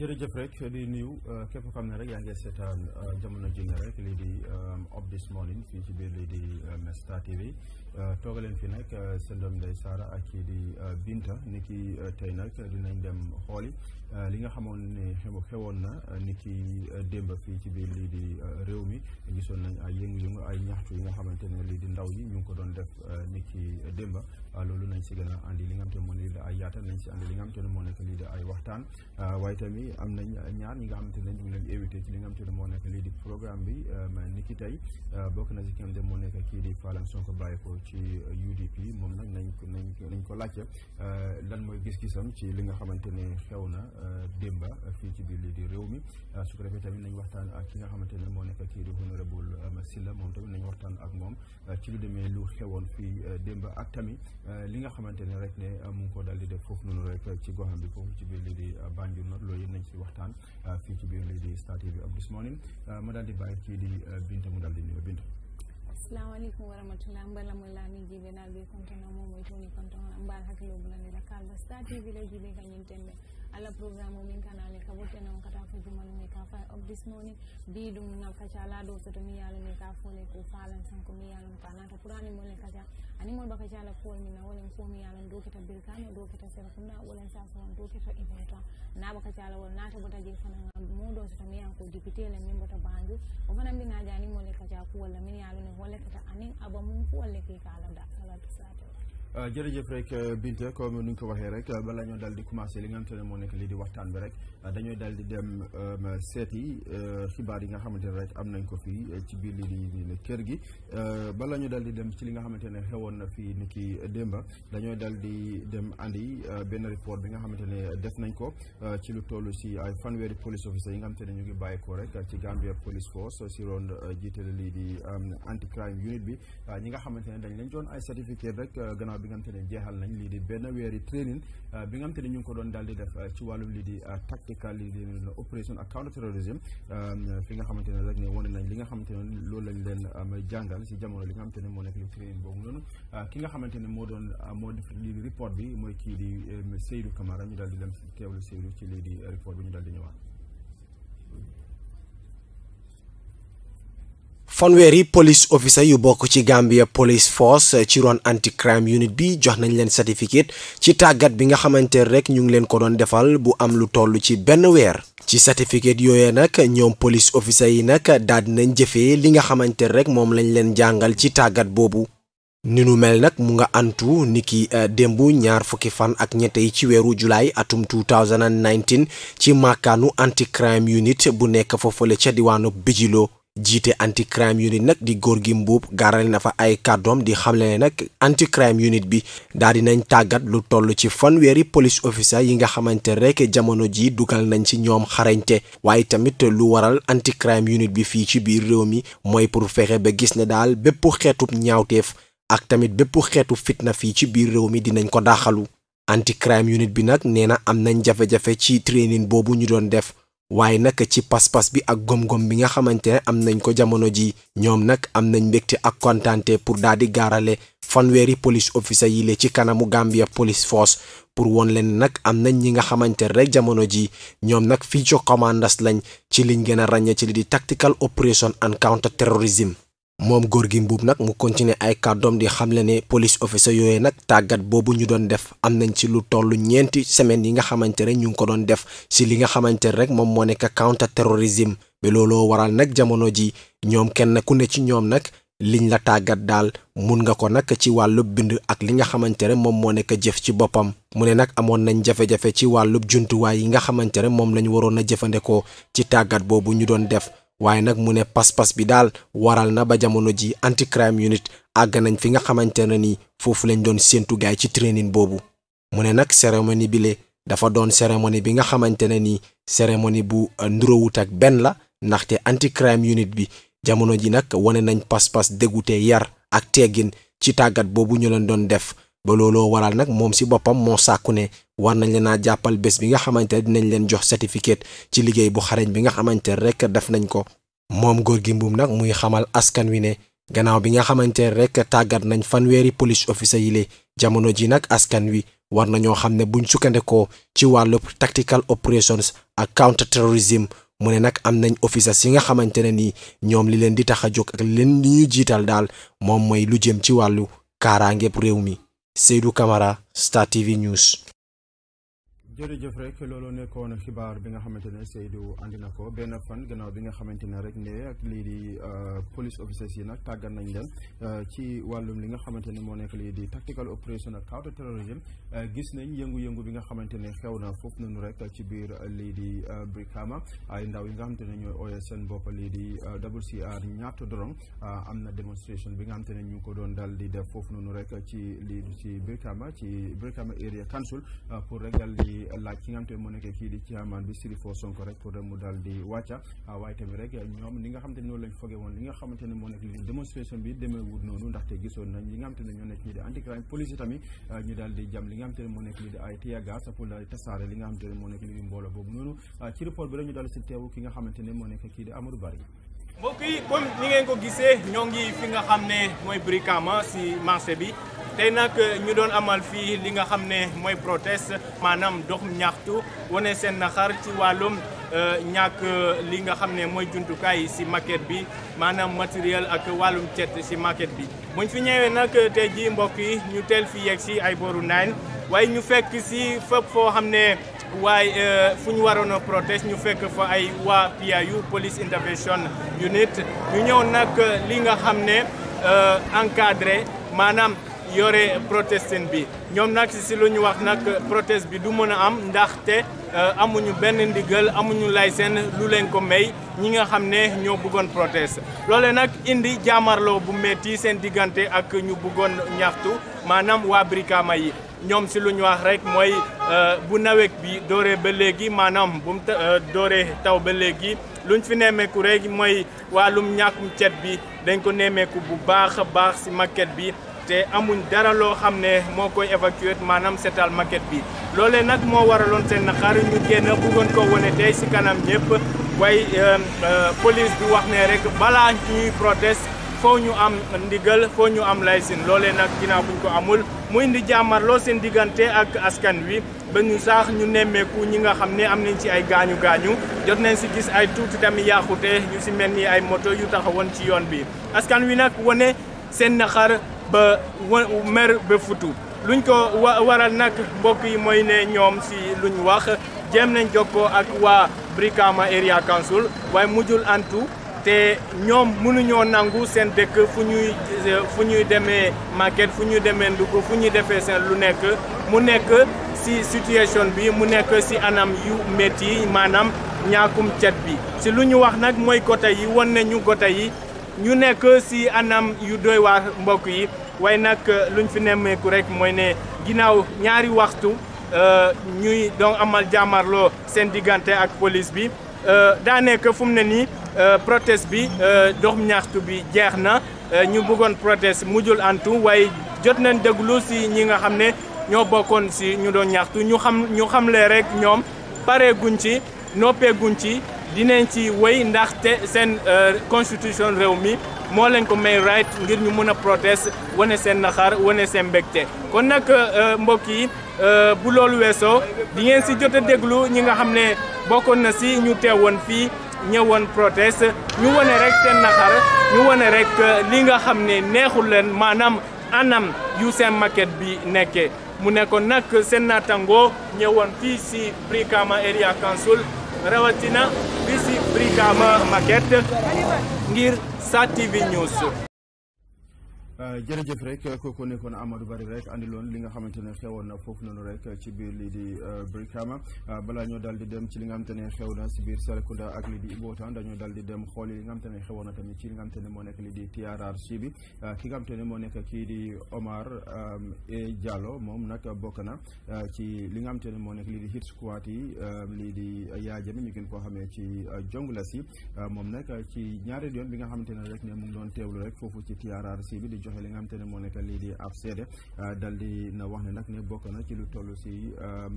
jërëjëf rek di niiw nuyu euh, képp xam ne rek yaa ngi seetaan euh, jamono ji ne rek lii di euh, Up This Morning fii ci biir lii di i TV Euh, toogaleen fi nag euh, seen doom day Sara ak kii di euh, Binta ni ki tey nag dinañ dem xooli li nga xamoon ne xewoon na ni ki démb fii ci biir lii di réew mi gisoon nañ ay yëngu-yëngu ay ñaxtu yi nga xamante lii di ndaw yi ñu ngi ko doon def ni ki démb loolu nañ si gën a andi li nga xamante ne moo di nañ si andi li nga xamante ne moo nekk lii di ay waxtaan waaye tamit am nañ ñaar ñi nga xamante ne ñu ngi leen ci li nga xamante ne moo nekk lii di programme bi ni ki tey bokk na si ki nga xamante ne moo nekk kii di Falam Sonko bàyyi ko ci UDP moom nag nañ ko nañ ko laajte euh, lan mooy gis-gisam ci li nga xamante ne xew na euh, démba fii ci biir lii di réew mi euh, su ko defee tamit nañ waxtaan ak ki nga xamante ne moo nekk kii di honorable Silla moom tamit nañ waxtaan ak moom ci lu demee lu xewoon fii démba ak tamit li nga xamante ne rek ne mu ko daal di def foofu noonu rek ci goxam bi foofu ci biir lii di Banjul nag loo yëpp nañ ci waxtaan fii ci biir lii di Star TV of this morning ma daal di bàyyi kii di Binta mu daal di nuyoo Binta assalamualeykum warahmatullah mbalamulami jiɓe nalɓe kontono momoy toni konton mbar hakkilo bulandi rakkal basta tv le jiɓe kañum temɓe alla programme min kanale ka wotenon kata fo jumalu ka fay of this morning bi ɗum na kaca laɗo soto mi ka fole ko falan sanko mi yalum ka nata pourani molen kaca animol ba kaca la pol mina wolen fo mi yalum dokita birkano dokita serakumna wolen sasowan dokita ibota naɓa kaca bota je fanaa muɗo soto mi yan ko député la min bota bandu o fana mbinaja animole kaca kuwolla min yalune wolle kata anin aba mum kuwolle ke kala da salat sata Euh, jërëjëf rek euh, Binte comme ni ñu ko waxee rek euh, balaa ñoo daal di commencé li nga xamante ne moo nekk daal di dem seeti xibaar yi nga xamante ne rek am nañ ko fii ci biir lii di kër gi balaa ñu daal dem ci li nga xamante ne xewoon na fii ni ki démba dañoo daal di dem andi benn report bi nga xamante ne def nañ ko ci lu toll si ay fanweeri police officer yi nga xamante ne ñu ngi ko rek ci Gambia Police Force si roon jiitale lii di anti crime unit bi ñi nga xamante ne dañ lañ doon ay certificat rek gannaaw bi nga xamante ne jeexal nañ lii di benn weeri training euh, bi nga xamante ne ñu ngi ko doon daal di def euh, ci wàllum lii di euh, tactical lii di opération ak counter terrorism fi nga xamante ne rek ne wane nañ li nga xamante ne loolu lañ leen jàngal si jamono li nga xamante ne moo nekk li training boobu noonu ki nga xamante ne moo doon moo def lii di report bi mooy kii di Seydou Camara ñu daal di dem teewlu Seydou ci lii di report bi ñu daal di ñëwaat fanweeri police officer yu bokk ci Gambia police force ci ron anti crime unit bi jox nañ leen certificate ci tàggat bi nga xamante rek ñu ngi leen ko doon defal bu am lu toll ci benn weer. ci certificate yooyee nag ñoom police officer yi nag daal di nañ jëfee li nga xamante rek moom lañ leen jàngal ci tàggat boobu. ni nu mel nag mu nga antu niki euh, démb ñaar fukki fan ak ñett yi ci weeru julaay atum 2019 ci màkkaanu anti crime unit bu nekk foofale ca diwaanu Bijilo. jiite anti crime unit nag di góor gi Mboup gaaral na fa ay kàddoom di xamle nag anti crime unit bi daal di nañ tàggat lu toll ci fanweeri police officer yi nga xamante rek jamono ji dugal nañ ci ñoom xarañte waaye tamit lu waral anti crime unit bi fii ci biir réew mi mooy pour fexe ba gis ne daal bépp xeetub ñaawteef ak tamit bépp xeetu fitna fii ci biir réew mi dinañ ko daaxalu anti crime unit bi nag nee na am nañ jafe-jafe ci training boobu ñu doon def waaye nag ci pas-pas bi ak gom-gom bi nga xamante ne am nañ ko jamono ji ñoom nag am nañ mbégte ak kontante pour daal di gaarale fanweeri police officer yi le ci kanamu Gambia Police Force pour woon leen nag am nañ ñi nga xamante rek jamono ji ñoom nag feature commanders lañ ci liñ gën a ràññee ci li di tactical operation and counter terrorism moom góor Gorgui mbuub nag mu continuer ay kàddoom di xamle ne police officer yooyu nag tàggat boobu ñu doon def am nañ ci lu toll ñeenti semaine yi nga xamante ne ñu ngi ko doon def ci li nga xamante ne rek moom moo nekk counter terrorisme bi looloo waral nag jamono ji ñoom kenn ku ne ci ñoom nag liñ la tàggat daal mun nga ko nag ci wàllub bind ak li nga xamante ne moom moo nekk jëf ci boppam mu ne nag amoon nañ jafe-jafe ci wàllu jumtuwaay yi nga xamante ne moom lañ waroon a jëfandikoo ci tàggat boobu ñu doon def waaye nag mu ne pas-pas bi daal waral na ba jamono ji anti crime unit àgg nañ fi nga xamante ne ni foofu lañ doon séentu gaay ci training boobu mu ne nag bi bile dafa doon cérémonie bi nga xamante ne ni cérémonie bu euh, ndurawut ak benn la ndaxte anti crime unit bi jamono ji nag wane nañ pas-pas dégute yar ak teggin ci tàggat boobu ñu leen doon def ba looloo waral nag moom si boppam moo sàkku ne war nañ leen a jàppal bés bi nga xamante ne dinañ leen jox certificat ci liggéey bu xarañ bi nga xamante ne rek def nañ ko. moom góor gi mbuum nag muy xamal askan wi ne gannaaw bi nga xamante ne rek tàggat nañ fanweeri police officer yi le jamono ji nag askan wi war ñoo xam ne buñ sukkandekoo ci wàllu tactical operations ak counter terrorism. mu ne nag am nañ officers yi nga xamante ne nii ñoom li leen di tax a jóg ak leen li jiital daal moom mooy lu jëm ci wàllu kaaraangeeb réew mi Seydou Camara Star TV News. jërëjëf rek loolu nekkoon xibaar bi nga xamante ne Seydou andi na ko benn fan gannaaw bi nga xamante ne rek ne ak lii di euh, police officers yi nag tàggat nañ leen euh, ci wàllum li nga xamante ne moo nekk lii di tactical operation ak counter terrorism euh, gis nañ yëngu-yëngu bi nga xamante ne xew na foofu noonu rek ci biir lii di Brikama ay ndaw yi nga xamante ne ñooy ooyee seen bopp lii di WCR ñaata dorong am na démonstration bi nga xamante ne ñu ngi ko doon dal di def foofu noonu rek ci lii ci Brikama ci Brikama area council laaj ki nga xamante ne moo nekk li di mbooloo boobu noonu ci report bi rek ñu si teewu ki nga xamante ne mooy Brikama si marché bi tey nag euh, ñu doon amal fii li nga xam ne mooy proteste maanaam doxum ñaxtu wane seen naxar ci wàllum euh, ñàkk euh, li nga xam ne mooy jumtukaay si maquette bi maanaam matériel ak wàllum cet si maquette bi. buñ fi ñëwee nag te jii mbokk yi ñu teel fi yegg si ay boru naan waaye ñu fekk si fépp foo xam ne waaye fu ñu waroon a proteste ñu fekk fa ay waa PIU police intervention unit ñu ñëw nag li nga xam ne encadré maanaam. yore protestin bi ñoom nag si lu ñu wax nag proteste bi du mën a am ndaxte euh, amuñu benn ndigal amuñu lay seen lu leen ko may ñi nga xam ne ñoo bëggoon proteste loole nag indi jaamarloo bu metti seen diggante ak ñu bëggoon ñaxtu maanaam waa Brikama yi ñoom si lu ñu wax rek mooy euh, bu naweek bi doore ba léegi maanaam bu mu euh, dooree taw ba léegi luñ fi nemmeeku rek mooy wàllum ñàkkum cet bi dañ ko nemmeeku bu baax a baax si maquette bi te amuñ dara loo xam ne moo koy évacuer maanaam seetal maquette bi loolee nag moo waraloon seen naqar ñu génn bëggoon ko wane tey si kanam ñëpp waaye euh, euh, police bi wax ne rek balaa ñuy proteste foo ñu am ndigal foo ñu am laysin loolee nag ginnaaw buñ ko amul muy indi jàmmarloo seen diggante ak askan wi ba ñu saax ñu nemmeeku ñi nga xam ne am nañ ci ay gaañu gaañu jot nañ si gis ay tuuti tamit yàqute ñu si mel ni ay moto yu taxawoon ci yoon bi askan wi nag wane ba mer ba futu luñ ko waral nag mbokk yi mooy ne ñoom si luñ wax jéem nañ jokkoo ak waa Brikama Area Council waaye mujjul antu te ñoom mënuñoo nangu seen dëkk fu ñuy fu ñuy demee market fu ñuy demee ndugg fu ñuy defee seen lu nekk mu nekk si situation bi mu nekk si anam yu métti maanaam ñaakum cet bi si lu ñu wax nag mooy gota yi wan nañu gota yi ñu nekk si anam yu doy waar mbokk yi waaye nag euh, luñ fi nemmeeku rek mooy ne ginnaaw ñaari waxtu euh, ñuy doon amal jàmmarloo seen diggante ak police bi euh, daa nekk fu mu ne nii proteste bi dox ñaxtu bi jeex na ñu bëggoon proteste mujjul antu waaye jot na déglu si ñi nga xam ne ñoo bokkoon si ñu doon ñaxtu ñu xam ñu le rek ñoom pareeguñ ci noppeeguñ ci. dinañ ci wéy ndaxte seen euh, constitution réew mi moo leen ko may right ngir ñu mën a proteste wane seen naxar wane seen mbégte kon nag euh, mbokk yi euh, bu loolu weesoo di ngeen si jot a déglu ñi nga xam ne bokkoon na si ñu teewoon fii ñëwoon proteste ñu wane rek seen naxar ñu wane rek li nga xam ne neexul leen maanaam anam yu seen maquette bi nekkee mu nekkoon nag seen naataangoo ñëwoon fii si Brikama Area Council rawatina bi si Brikama Maguette ngir SATV News Euh, jërëjëf rek ko nekkoon Amadou Bari rek loon li nga xamante ne xewoon na foofu noonu rek ci biir lii di euh, Brikama euh, balaa ñoo daal di dem ci li nga xamante ne xew na si biir Serekunda ak lii di Ibootan dañoo daal di dem xool li nga ne xewoon na tamit ci li nga xamante ne moo nekk lii di TRRC bi ki nga ne moo nekk kii di Omar E moom nag bokk na ci li nga xamante ne moo nekk lii di hit squad yi lii di Yaya Jammeh ñu gën koo xamee ci Jongula si moom nag ci ñaari yoon bi nga xamante ne rek ne mu ngi doon rek foofu ci TRRC bi joxe nga xam te ne moo nekk lii di ab seede euh, dal di na wax ne nag ne bokk na ci lu toll si euh,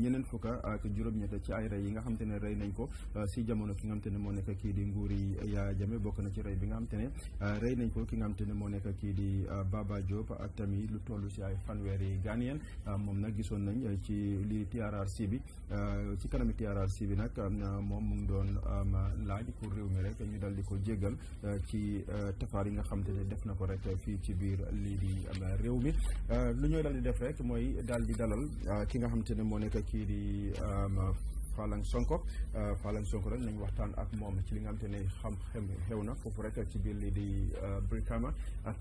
ñeneen fukka ak euh, juróom-ñett ci ay rey yi nga xam te ne rey nañ ko si jamono ki nga xam te ne moo nekk kii di nguuri yaa jame bokk na ci rey bi nga xam ne rey nañ ko ki ne moo nekk kii di Baba Diop a tamit lu toll si ay fanweeri Ghanien moom nag gisoon nañ ci lii TRRC bi ci kanami TRRC bi nag moom mu ngi doon laaj pour réew mi rek ñu dal di ko jéggal ci tafaar yi nga xam te ne def na ko rek fii ci biir lii di réew mi euh, lu ñooy daal di def rek mooy daal di dalal euh, ki nga xam te ne moo nekk kii di euh, Falang Sonko euh, Falang Sonko rek nañu waxtaan ak moom ci li nga xam ne xam xem xew na foofu rek ci biir lii di euh, Brikama ak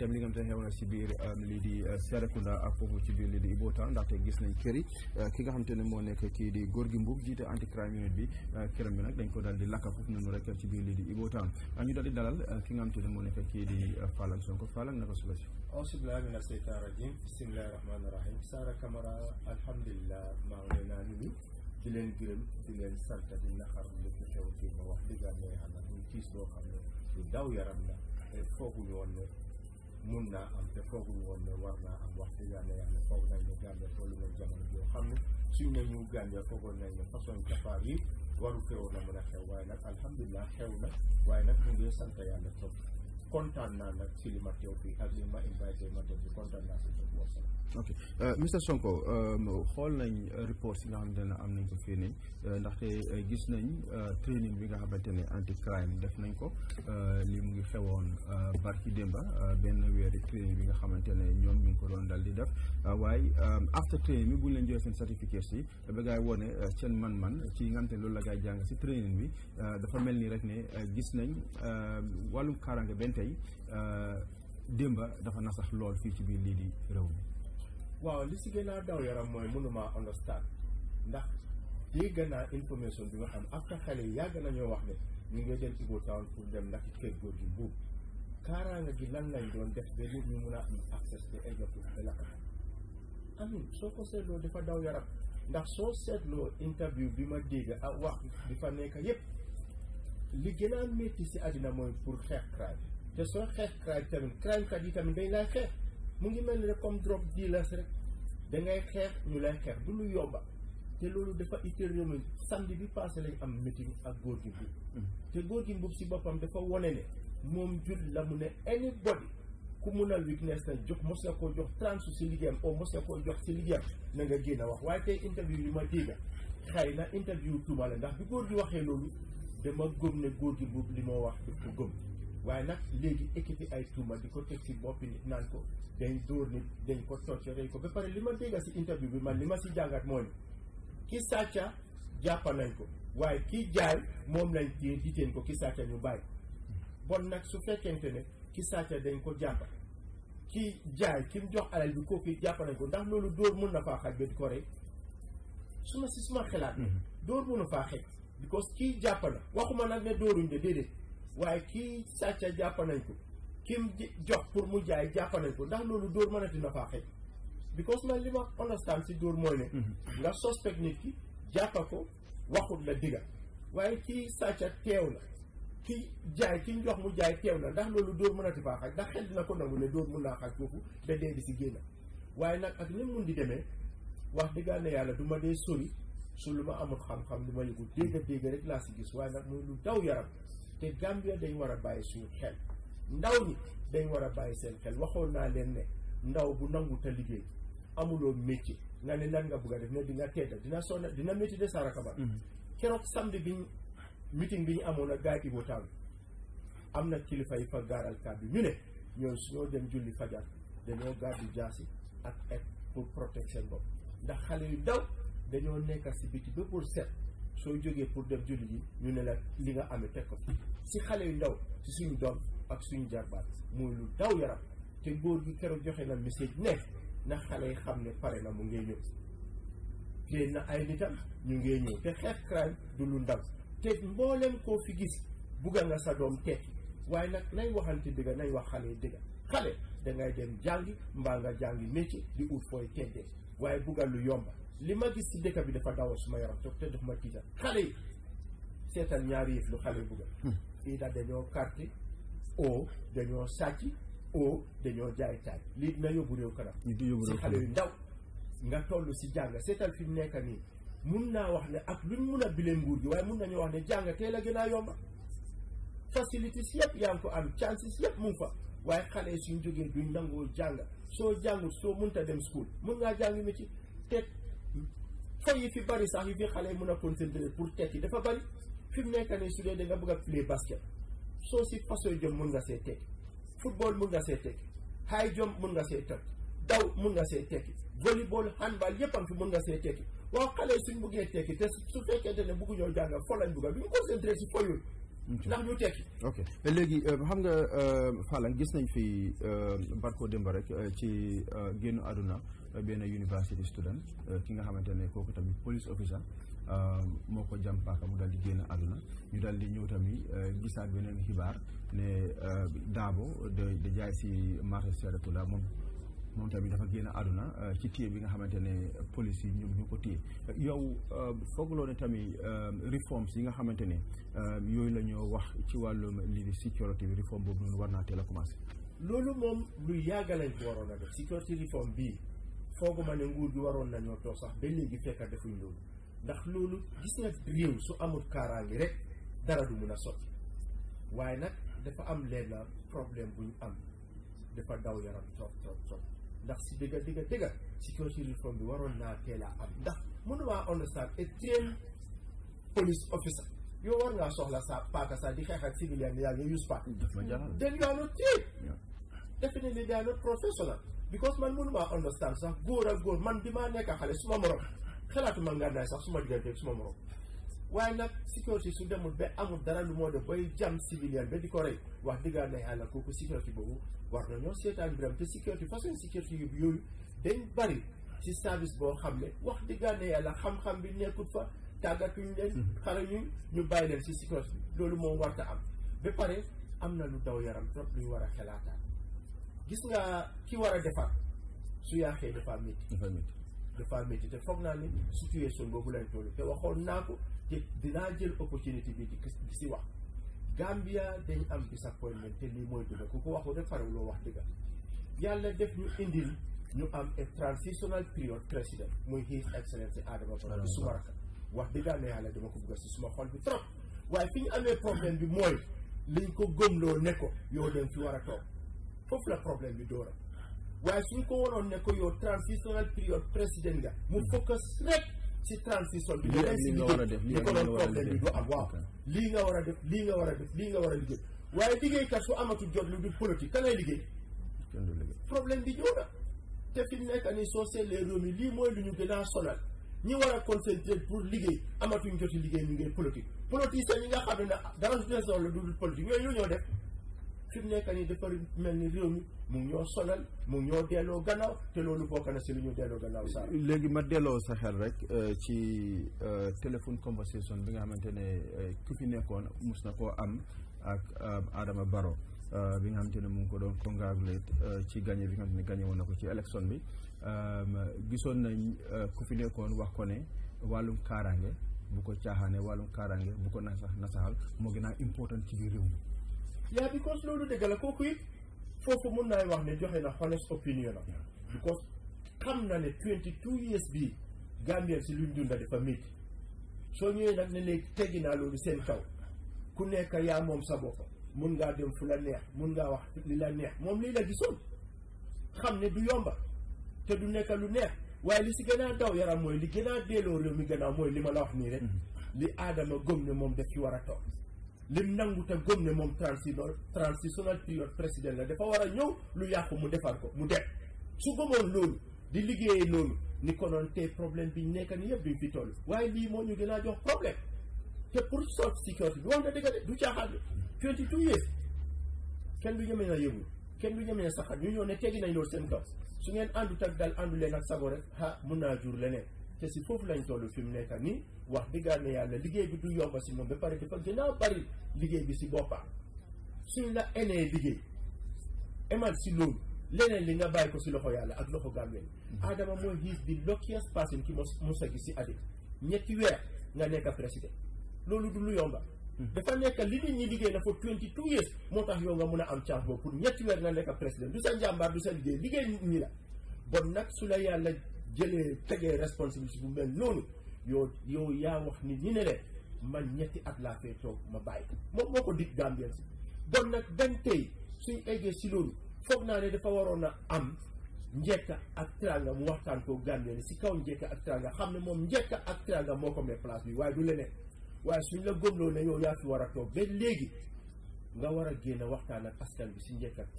si biir euh, lii di Serekunda ci biir lii di Ibota ndaxte gis nañ kër ki nga xamante ne moo nekk kii di góor gi mbub jiite anti crime unit bi këram bi nag dañ ko daal di lakka foofu noonu rek ci biir lii di Ibota ñu daal di dalal ki nga xamante ne moo nekk kii di Falang Sonko Falang naka su la si bismillahi rahmaani rahim Sara Camara alhamdulilah maa ngi leen naa nuyu di leen gërëm di leen sant di naqarlu li fi xew ci ma wax dëgg yàlla muy tiis boo xam ne lu daw yaram na te fooguñu woon ne mun naa am te fooguñu woon ne war naa am wax dëgg yàlla foog nañ ne Gambia toll na jamono xam ne suñ ne ñu Gambia foogoon nañ ne façon cafaar yi waru xew na mën a xew waaye nag alhamdulilah xew na waaye nag ñu ngi sant yàlla trop kontaan naa nag ci li ma teew fii ak li ma invité ma dem bi naa si trop ok monsieur Sonko euh, xool nañ euh, report si nga xamante ne am nañ ko fii nii euh, ndaxte gis nañ training bi nga xamante ne anti crime def nañ ko li mu ngi xewoon barki démba benn weeri training bi nga xamante ne ñoom ñu ngi ko doon dal di def waaye after training bi bu ñu leen seen certificat si ba gaay wone seen man-man ci nga xamante ne loolu la gaay jàng si training bi dafa mel ni rek ne gis nañ wàllum kaaraange benn tey démba dafa nasax lool fii ci biir lii di waaw li si gën a daw yaram mooy mënuma understand ndax dégg naa information bi nga xam after xale yi yàgg nañoo wax ne ñu ngi dem Ibo Town pour dem ndax kër góor gi buub kaaraanga gi lan lañ doon def ba nit ñu mun a am accès te exemple ba la amin soo ko seetloo dafa daw yaram ndax soo seetloo interview bi ma dégg ak wax di fa nekk yépp li gën a métti si àddina mooy pour xeex crime te soo xeex crime tamit crime kat yi tamit dañ lay xeex mu ngi mel ni rek comme drogue dealers rek da ngay xeex ñu lay xeex du lu yomba te loolu dafa itteel réew mi samedi bi passé lañ am meeting ak góor gi mbubb mm-hmm. te góor gi mbubb si boppam dafa wone ne moom jur la mu ne anybody ku mun a witness na jox mos na koo jox transu si liggéeyam o mos na koo jox si liggéeyam na nga génn wax waaye tey interview yi ma dégga xëy na interview tuuma ndax bi góor gi waxee loolu dama gëm ne góor gi mbubb li moo wax daf waaye nag léegi ekkiti ay tuuma di ko teg si boppi nit naan ko dañ dóor nit dañ ko socce rey ko ba pare li ma dégga si interview bi man li ma si jàngat mooy ki sàcca nañ ko waaye ki jaay moom lañ téye diteen ko ki sàcca ñu bàyyi bon nag su fekkente ne ki sàcca dañ ko jàpp ki jaay ki mu jox alal bi ko ki nañ ko ndax loolu dóor mën na faa xaj ba di ko rey su ma si suma xelaat mm-hmm. dóor mënu faa xej because kii jàpp na waxuma nag ne dóoruñ de déedéet waaye kii sàcca jàpp nañ ko kim jox pour mu jaay jàpp nañ ko ndax loolu dóor mën a dina faa xëy because man li ma understand si dóor mooy ne mhm. nga suspect nit ki jàppa ko waxut la digga waaye kii sàcca teew la ki jaay ki jox mu jaay teew la ndax loolu dóor mën a faa xaj ndax xel dina ko nangu ne dóor mun naa xaj foofu ba dee di si génna waaye nag ak ni mun di demee wax dëggaan ne yàlla duma ma dee sori su lu ma amut xam-xam lu ma yëgul dégg dégg rek laa si gis waaye nag lu daw yaram te Gambia dañ war a bàyyi suñu xel ndaw ñi dañ war a bàyyi seen xel waxoon naa leen ne ndaw bu nangu te liggéey amuloo métier nga ne lan nga bëgg a def ne di nga tedda dina sonna dina métier de Sarakaba mm-hmm. keroog samedi biñ bi ñu amoon ak gaay Ibo Town am na kilifa yi fa gaaral kàddu ñu ne ñoom suñoo dem julli fajar dañoo gàddu jaasi ak ak pour protection bopp ndax xale yu daw dañoo nekk si biti ba pour set soo jógee pour def julli yi ñu ne la li nga amee teg ko si xale yu ndaw ci suñu doom ak suñu jarbaat muy lu daw yaram te góor gi keroog joxe na message neex na xale yi xam ne pare na mu ngay ñëw te na ay nitam ñu ngay ñëw te xeex crime du lu ndaw te mboolem koo fi gis bugga nga sa doom tekki waaye nag nañ waxante dëgg nañ wax xale yi dëgg xale dangay dem jàngi mbaa nga jàngi métier di ut fooy teddee waaye bugga lu yomba li ma gis ci dëkk bi dafa daw suma yaram te te daf ma tiital xale yi seetal ñaari yëf lu xale bugga hmm. fii daal dañoo carte o dañoo sàcc o dañoo jaay taaj lii dina yóbbu réew kanam si xale yu ndaw nga toll si jàng seetal fi mu nekk nii mun naa wax ne ak luñ mun a bile nguur gi waaye mun nañu wax ne jàng teel a gën a yomba facilities yëpp yaa ngi ko am chances yëpp mu fa waaye xale suñ jógee duñ nangoo jàng soo jàngut soo munta dem school mun ngaa jàng métier foy yi fi bari sax yi fi xale yi mën a concentrer pour tekki dafa bari fi mu nekk nii su dee da nga a play basket soo si façon jom mun nga see tekki football mun nga see tekki high jump mun nga see tekki daw mun nga see tekki volleyball handball yëpp am fi mun nga see tekki waaw xale yi suñ buggee tekki te su fekkente ne bugguñoo jàng fo lañ bugg a duñ concentré si fo yooyu ndax ñu tekki ok léegi euh, xam nga euh, Falang gis nañ fi euh, barko démb rek ci génn àdduna Euh, benn university student euh, ki nga xamante ne kooku tamit police officer euh, moo ko jam paaka mu daal di génn àdduna ñu daal di ñëw tamit gisaat beneen xibaar ne Darboe de de jaay si marché Serekunda moom moom tamit dafa génn àdduna ci téye bi nga xamante ne police yi ñoom ñoo ko téye yow foogloo ne tamit réformes yi nga xamante ne yooyu la ñoo wax ci wàllum lii di sécurité bi réforme boobu noonu war naa teel a loolu moom lu yàgg lañ waroon a def sécurité réforme bii. fooguma ne nguur gi waroon nañoo toog sax ba léegi fekka defuñ loolu ndax loolu gis nga réew su amul kaaraange rek dara du mun a sotti waaye nag dafa am leen la problème bu ñu am dafa daw yaram trop trop ndax si dëgga dëgga dëgga security reform bi waroon naa teel a am ndax mënumaa understand et police officer yow war ngaa soxla sa paaka sa di xeex ak yaa ngi use paaka then you are not trained definitely they are not professional because man mënumaa understand sax góor ak góor man bi maa nekk xale suma morom xalaatu ma ngànnaay sax suma su ma morom waaye nag sécurité su demul ba amul dara lu moo def bay jam civilian ba di ko rey wax diggaan na yàlla kooku sécurité boobu war na ñoo seetaan biram te sécurité façon sécurité yu yooyu dañ bari si service boo xam ne wax diggaan na yàlla xam-xam bi nekkul fa tàggat bi tàggatuñ leen mhm. xale ñu ñu bàyyi leen si sécurité bi loolu moom warta am ba pare am na lu daw yaram trop luy war a xelaataan gis nga ki war a defar su yàqee dafa métti dafa métti te foog naa ni situation boobu lañ toll te waxoon naa ko te dinaa jël opportunité bi di si wax Gambia dañ am disappointment te lii mooy dëgg ku ko waxu rek parewuloo wax dëgga yàlla def ñu indil ñu am a transitional period président muy his excellence Adama Barrow di suma rakk wax dëggaa ne yàlla dama ko bëgg si suma xol bi trop waaye fi ñu amee problème bi mooy liñ ko gëmloo ne ko yow dem fi foofu la problème bi dóoram waaye suñ ko waroon ne ko transitional période président nga mu focus rek ci transition bi si ko doon problème bi du am waaw lii nga war a def lii nga war a def lii nga war a liggéey waaye liggéeykat su amatul jot lu du politique ka lay liggéey problème bi ñëw na te fi nekk ni soo seetlee réew mi lii mooy lu ñu gën a sonal ñi war a concentrer pour liggéey amatuñ joti liggéey ñu ngeen politique politicien ñi nga xam ne dara su de fi mu nekk nii dafa mel ni réew mi mu ngi ñoo sonal mu ngi ñoo delloo gannaaw te loolu bokk na si lu ñu delloo gannaaw saa léegi ma delloo sa xel rek euh, ci euh, téléphone conversation bi nga xamante ne euh, ku fi nekkoon mus na koo am ak Adama Barrow bi nga xamante ne mu ngi ko doon congratulate ci gagné bi nga xamante ne gagné woon na ko ci élection bi gisoon nañ ku fi nekkoon wax ko ne wàllum kaaraange bu ko caaxaane wàllum kaaraange bu ko nasax nasaxal moo gën a important ci biir réew mi yaa because loolu dëgg la kooku it foofu mun naay wax ne joxe na honest opinion because xam na ne twenty two years bi Gambien si luñ dunda dafa métti soo ñëwee nag ne léegi teggi naa loolu seen kaw ku nekk yaa moom sa bopp mun ngaa dem fu la neex mun ngaa wax li la neex moom lii la gisoon xam ne du yomba te du nekk lu neex waaye li si gën a daw yaram mooy li gën a delloo réew mi gannaaw mooy li ma la wax nii rek mm-hmm. li aadama gëm ne moom def ci war a toog lim nangu te gëm ne moom transition transitional period président la dafa war a ñëw lu yàqu mu defar ko mu def su gëmoon loolu di liggéeyee noonu ni konoon te problème bi nekk ni yëpp duñ fi toll waaye lii moo ñu gën a jox problème te pour soft security bi wax na dëgg de du caaxaan bi 22 years kenn du ñemee na yëgul kenn du ñemee na saxaat ñu ñëw ne teggi nañ loolu seen kaw su ngeen àndut ak dal àndu leen ak sago rek ah mun naa jur leneen te si foofu lañ toll fi mu nekk nii wax diggaan ne yàlla liggéey bi du yomb si moom ba pare dafa gën a bari liggéey bi si boppam suñ la enee liggéey emal si loolu leneen li nga bàyyi ko si loxo yàlla ak loxo gàmmeen mm-hmm. Adama mooy his the luckiest person ki mos a gis si àddina ñetti weer nga nekk président loolu du lu yomba mm-hmm. dafa nekk li nit ñi liggéey na for twenty two years moo tax yow nga mun a am chance boobu ñetti weer nga nekk président du sa liggéey liggéey ñi la bon nag su la yàlla jëlee tegee responsabilité bu mel noonu yow yaa wax ni ñi ne leen man ñetti at laa fee toog ma bàyyi moom moo ko dig Gambien si bon nag dañ tey suñ eggee si loolu foog naa ne dafa waroon a am njekka ak teranga mu waxtaan ko Gambien si kaw njekka ak teranga xam ne moom njekka ak teranga moo ko may place bi waaye du leneen waaye suñ la gëmloo ne yow yaa fi war a toog ba léegi nga war a génn waxtaan ak askan bi si njekk ak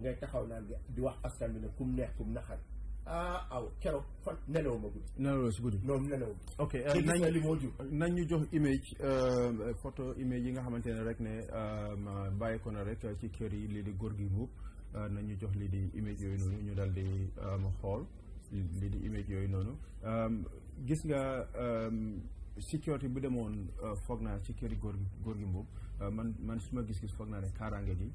nga taxaw naan di wax askan bi ne kum neex kum naxar ah aw keroog fan nelaw ma guddi. nelaw si guddi ñoom nelaw. ok euh, nañ li moo jur nañ ñu jox image euh, photo image yi nga xamante ne rek ne euh, bàyyi ko na rek ci kër yi lii di góor gi buub nañu jox lii di image yooyu noonu ñu daal di xool lii di image yooyu noonu gis nga. sécurité bu demoon foog naa ci kër góor gi góor gi mbuub man man su ma gis-gis foog naa ne kaarange gi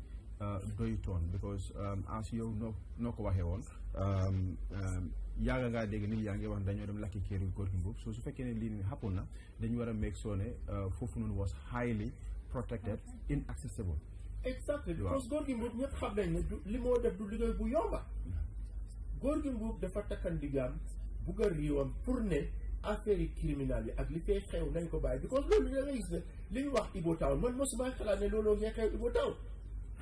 Uh, doyutoon because um, as yow noo noo ko waxee woon um, um, yàgg ngaa dégg nit yaa ngi wax dañoo dem lakki kër yu góor gi boobu so su fekkee ne lii nii xapoon na dañu war a make sure ne uh, foofu noonu was highly protected inaccessible exactly because góor gi mbuub ñëpp xam nañ li moo def du liggéey bu yomba góor gi mbuub dafa takkan diggaam bugg a pour ne affaire criminal yi ak li fee xew nañ ko bàyyi because loolu da ngay gis ne li ñu wax Ibo Town man mosuma xalaat ne looloo ngee xew Ibo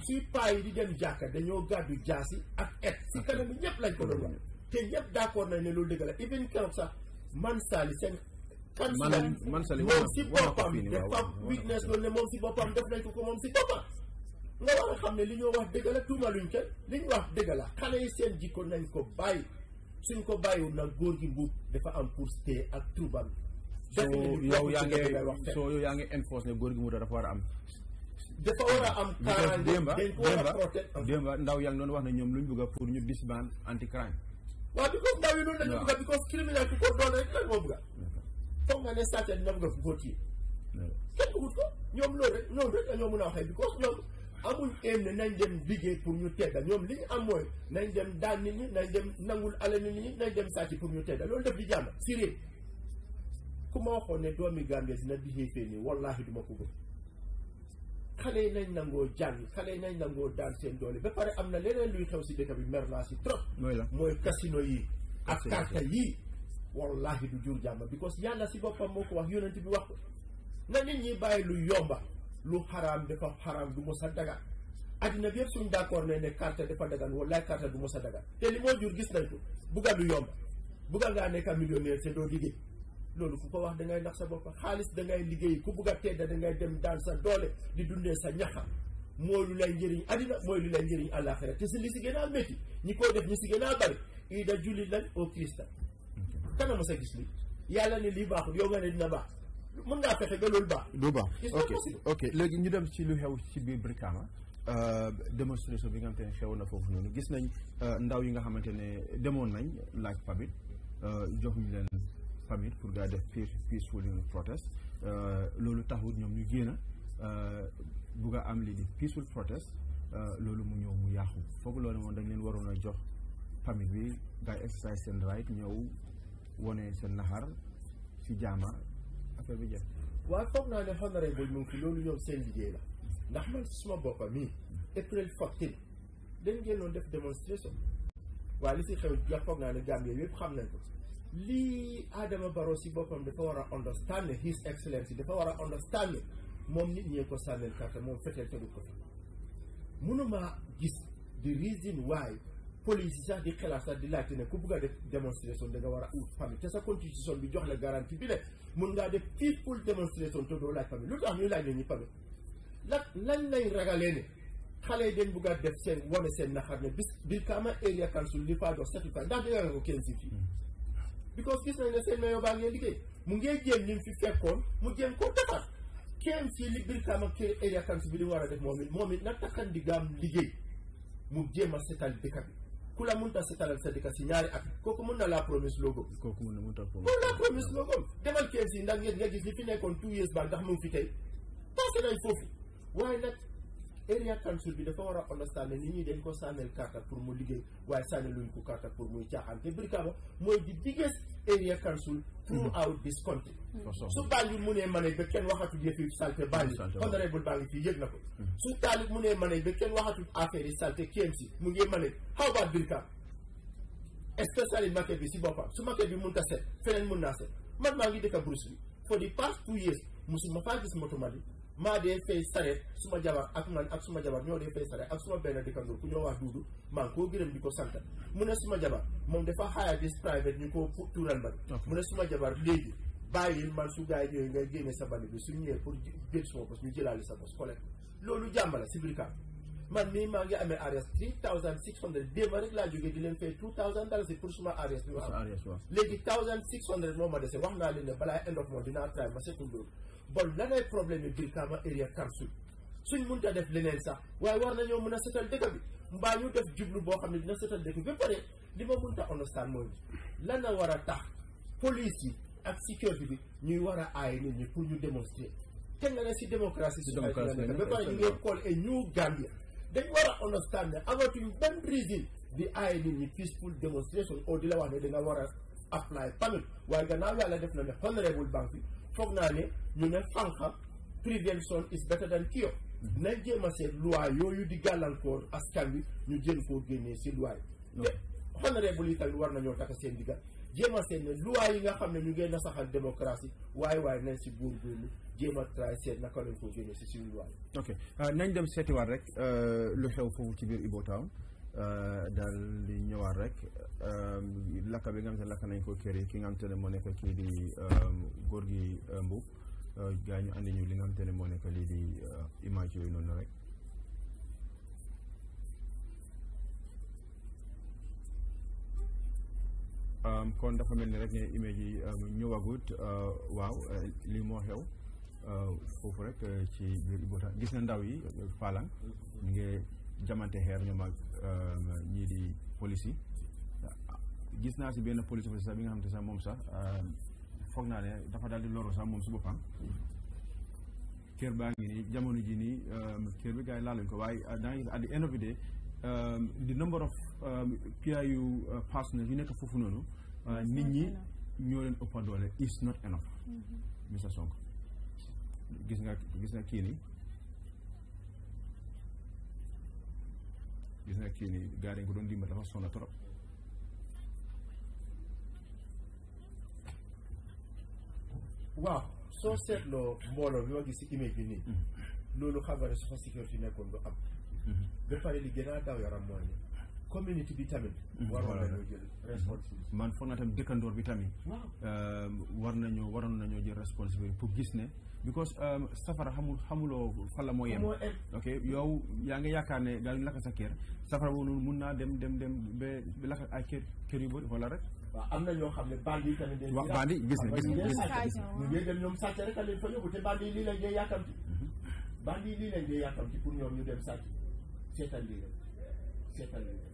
si paa yi di dem jàkka dañoo gàddu jaasi ak et si bi ñëpp lañ ko doon wax te ñëpp d' nañ ne loolu dëgg la even keroog sax man saali seen kan man saali moom si boppam dafa witness loolu ne moom si boppam def nañ ko ko moom si boppam nga war xam ne li ñoo wax dëgg la tuumaluñ kenn li wax dëgg la xale yi seen jikko nañ ko bàyyi suñ ko bàyyiwul nag góor gi mbuub dafa am pour stay ak tuubam so yow yaa ngi so yow yaa ngi enforce ne góor gi mu dafa war a am dafa war a am. kaaraange ah, dañ ko war a ah, ah, ndaw yaa ngi doon wax na ñoom luñ bëgg a pour ñu disband anti crime. waaw because ndaw yi noonu la ñu bëgg a because criminel ku ko doon rek lan moo bëgg a. foog nga ne sàcce dina bëgg a ko téye. kenn ñoom loolu rek loolu rek ñoo mën a waxee because ñoom amuñ aim ne nañ dem liggéey pour ñu tedda ñoom li am mooy nañ dem daan nit ñi nañ dem nangul ale nit ñi nañ dem sàcc pour ñu tedda loolu def di jàmm sérieux ku ma waxoon ne doomi Gambia dina bixee fee nii wallaahi du ma ko xale yi nañ nangoo jàng xale yi nañ nangoo daan seen doole ba pare am na leneen luy xew si dëkk bi mer naa si trop. mooy la mooy casino yi. ak carte yi. wallahi du jur jàmm because yàlla si boppam moo ko wax yonent bi wax ko na nit ñi bàyyi lu yomba lu xaraam dafa xaraam du ma a dagan addina bi yëpp suñ d' accord ne ne carte dafa dagan wallahi carte du mos a dagan te li moo jur gis nañ ko bugga lu yomba bugga ngaa nekk millionnaire te doo liggéey loolu ku ko wax da ngay nax sa boppa xaalis da ngay liggéey ku bugg a tedd da ngay dem daan sa doole di dundee sa ñaxa mooy lu lay njëriñ àddina mooy lu lay njëriñ àllaaxira te si li si gën a métti ñi ko def ñi si gën a bari ida jullit lañ au Christ kana ma sa gis li yàlla ne lii baaxul yow nga ne dina baax mën ngaa fexe ba loolu baax du baax ok ok léegi ñu dem ci lu xew ci biir Brikama euh, démonstration bi nga xamante ne xew na foofu noonu gis nañ euh, ndaw yi nga xamante ne demoon nañ laaj pabit euh, jox ñu leen pamit pour gaa def peaceful protest euh, loolu taxut ñoom ñu génn euh, bugg a am li di peaceful protest euh, loolu mu ñëw mu yàqu foog loolu moom dañ leen waroon jox pamit bi gaa yi exercise seen right ñëw wone seen naxar ci jaama affaire bi jeex waaye foog naa ne honorable moom fi loolu ñoom seen liggéey la ndax man suma boppa mii April 14 dañ génnoon def demonstration waaye li si xew foog naa ne Gambie yëpp xam nañ ko lii Adama Barrow si boppam dafa war a understand ne his excellency dafa war a understand ne moom nit ñee ko sànneel carte moom feteel tegu ko fi mënumaa gis the reason why police yi sax di xelaat sax di laajte ne ku bugg a def démonstration da war a ut permis te sa constitution bi jox la garantie bi ne mun ngaa def peaceful démonstration te doo laaj permis lu tax ñu laaj ne ñu permis la lañ lay ragalee ne xale yi dañ bugg a def seen wane seen naxar ne bis bi Brikama area council li faa dox certificat ndax dégg nga because gis nañ ne seen maillot baa ngeen liggéey mu ngee jéem ñi fi fekkoon mu jéem koo defar kenn si li Brikama bi di war a def moom it moom it nag taxan di gaam liggéey mu jéem a setal dëkk bi ku la mënta setalal sa dëkk si ñaari at kooku mën na laa promise loo gëm kooku mën na mënta promise loo gëm demal kenn si ndax ngeen nga gis li fi nekkoon two years ba ndax mu fi tey passé nañ foofu waaye nag area council bi dafa war a understand ni ñuy dañ ko sànneel carte pour mu liggéey waaye sànneeluñ ko carte pour muy caaxaan te Brikama mooy di biggest area council throughout mm. this country mm. su Banjul mu nee ma ne ba kenn waxatu yëfi salte Banjul honorable baa ngi fii yëg na ko mm. su Talib mu nee ma ne ba kenn waxatu affaire yi salte KMC mu ngi ma how about Brikama especially market bi si boppa su market bi mun ta set feneen mun naa set man maa ngi dëkk Bruce bi for the past two years musuma faa gis maa dee fay sare suma jabar ak man ak suma jabar ñoo dee fay sare ak suma benn dëkkandoor ku ñoo wax duudu maa koo gërëm di ko sant mu ne suma jabar moom dafa hire this ko tuural man mu ne suma jabar léegi bàyyil man su gars yi sa bandi bi suñ jël suma bos ñu sa bos collecte loolu jàmm la si biir camp man mii maa ngi amee arias three thousand six hundred démb ma dese wax naa leen ne balaa end of mois dinaa try ma setul ba lanay problème yi Brikama Area Council suñ mun ta def leneen sax waaye war nañoo mën a setal dëkk bi mbaa ñu def jublu boo xam ne dina setal dëkk bi ba pare li ma mun ta understand mooy lan la war a tax police yi ak sécurité bi ñuy war a aay nit ñi pour ñu démontrer te nga ne si démocratie si ba pare ñu ngeen call a new Gambia dañ war a understand ne amatuñ benn reason di aay nit ñi peaceful demonstration oo di la wax ne da war a apply permit waaye gannaaw yàlla def na ne honorable banque bi foog naa ne ñu ne fanxa prevention is better than cure mm-hmm. nañ jéem a seet loi yooyu di gàllankoor askan wi ñu jën koo génnee si loi yi te honorable yi tamit war nañoo takk seen diggal jéem a seet ne loi yi nga xam ne ñu ngeen na saxal démocratie waaye waaye nañ si góorgóorlu jéem a try seet naka lañ koo génnee si suñu loi yi ok euh, nañ dem seeti seetiwaat rek euh, lu xew foofu ci biir Ibo Town Euh, daal di ñëwaat rek euh, lakka bi nga xam lakka lakk nañ ko kër yi ki nga xam moo nekk kii di euh, góor gi mbub gaa ñu andi ñu li nga xam te moo nekk lii di image yooyu noonu rek kon dafa mel ni rek ne image yi ñëwagut waaw lii moo xew foofu rek ci gis na ndaw yi Falang ñu jamante xeer ñoom ak Euh, ñii di police gis naa si benn police sax bi nga xam te sax moom sax euh, foog naa ne dafa daal di loru sax moom si boppam kër baa ngi nii jamono ji nii euh, kër bi gars yi laaluñ ko waaye danga gis at the end of the day the number of PIU personnel yu nekk foofu noonu nit ñi ñoo leen ëppa doole is not enough Mr mm-hmm. Sonko gis nga gis nga kii nii gis nga kii ni gars yi ko doon dimbali dafa sonn trop. waaw soo seetloo mbooloo bi ma gis si image bi nii. Mm-hmm. loolu xam nga ne su fa sécurité nekkoon du am. Mm-hmm. ba pare li gën daw yaram mooy ni community bi tamit. Mm-hmm. war mm-hmm. man foog naa tamit dëkkandoor bi tamit. Euh, war nañoo waroon nañoo jël responsabilité pour gis ne. because euh, safara xamul xamuloo fan la moo yem. ok yow yaa ngi yaakaar ne daal lakk sa kër. safara boobu mun naa dem dem dem ba lakk ay kër kër yu bëri wala rek. waa am na ñoo xam ne bandi yi tamit. dañuy wax bandi gis na gis na gis na gis na. ñu dem sàcc rek a lii lañ dee yàkkamti. Mm-hmm. lii lañ dee yàkkamti pour ñoom ñu dem sàcc seetal lii rek seetal lii rek.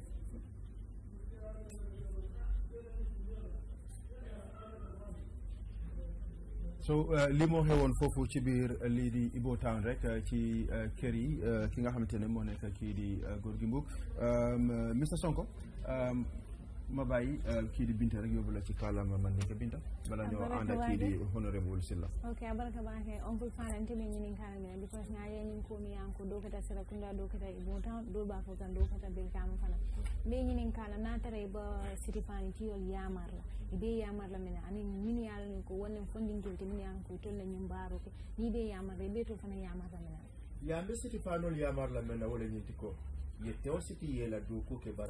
so uh, li moo xewoon foofu ci biir uh, lii di Ibo Town rek uh, ci kër yi ki nga xamante ne moo nekk kii di Gorgui Mboup Mr um, Sonko um, ma bàyyi euh, kii di Binta rek yóbbu la ci kàllaama man ni ko Binta bala ah, ñoo a ak kii di honorable Silla a baraka baake on peut faire un tebe ñinin karamina because na ye ñin ko mi yanko do kata sira kunda do kata ibo tan do ba ko tan do kata be kam fana be ñinin kala na tare ba city fan ci yol yamar la be la mena ani min yalla ni ko wonen fondin gel te min yan ko la ñum baro ko ni be yamar be to fana yamar la mena yambe city fanol yamar la mena wala ñi ko yete o city yela ke bar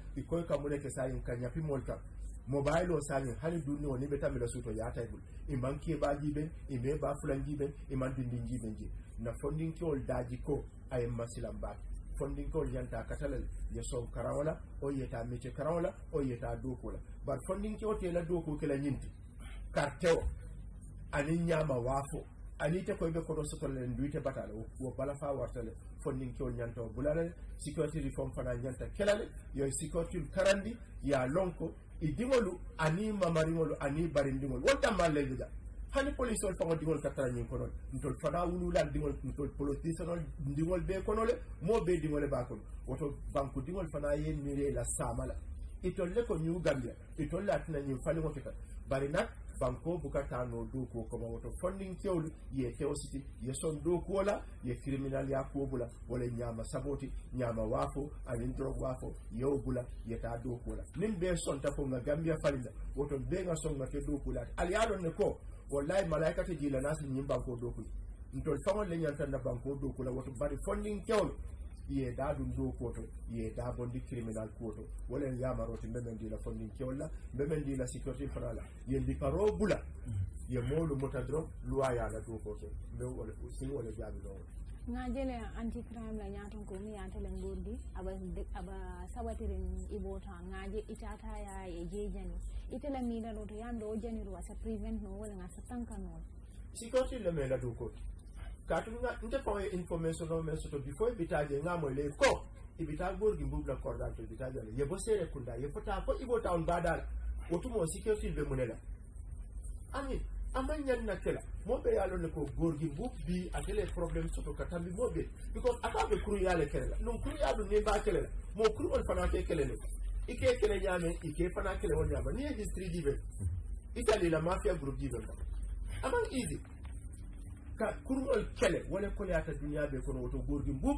ikoy kamule ke sayin kanyapi molka mobile sayin hani dunni woni be tamila suto ya taybul e manki ba jiben e be ba fulan jiben e man dindin jiben ji na fondin ki ol daji ko ay masilam ba fondin ko yanta katalal ya so karawala o yeta mece karawala o yeta dokola bar fondin ki o tela doko kila nyinti karteo ani nyama wafo ani te koybe koto sotolale nduite batale wo bala fa wartale funding tol ñanto bulale security reform fana ñanta kelale yoy security karandi ya lonko i diŋolu ani mamariŋolu ani barindiŋolu wonta mal ley luga hani polisol faŋo diŋol ka tara ñiŋ kono le ntol fana wulula diŋol ntol politisanol diŋol bee kono le moo bee diŋo le baa kono woto banku diŋol fana ye miire la saama la itol le ko ñiŋ gambia itol le a tina ñiŋ faliŋo kita bari nak banko bukatano dokuwo koma woto fondin kewlu ye tewo siti ye son dokuwo la ye criminal ya kuwobula wala ñama saboti a waafo anin drog waafo yewo bula yeta dokuwo la nin ɓe sonta fo ga gambia falila woton ɓe ga songa ke dokuwo la ali a ɗon ne ko wallahi malaikata a nasi ñin banko dokuyi ntol faŋol le ñantanna banko dokuwo la woto bari fondin yeeɗa ɗum dow kuwoto yeeɗa bonndi criminal kuwoto wala en yamaroti mbemen ndila fonndin kewlla mbemen ndila sécurité fanala ye liparo bula ye moolu mota dron loi yaala dow koto sini wala jaabi lowo nga jele anti crime la ñaton ko mi la to yando jani kaatu nga ntekoye information no men soto before ibitaje ngamoyle ko ibita gorgi mbubla kordanto ibitajole yebo sere kunda yefota fo ibo town badala wotumo security be munela ani amanyan na kela mobe yalo ne ko gorgi mbub bi atele problem soto katambi mobe because a kuru yale kelela non kuru yadu ne ba kelela mo kuru on fana ke kelele ike kele nyame ike fana kele won nyama ni history dibe italy la mafia group dibe amang ka kurŋol kele wole ko yata duniya be kono woto gorgi mbub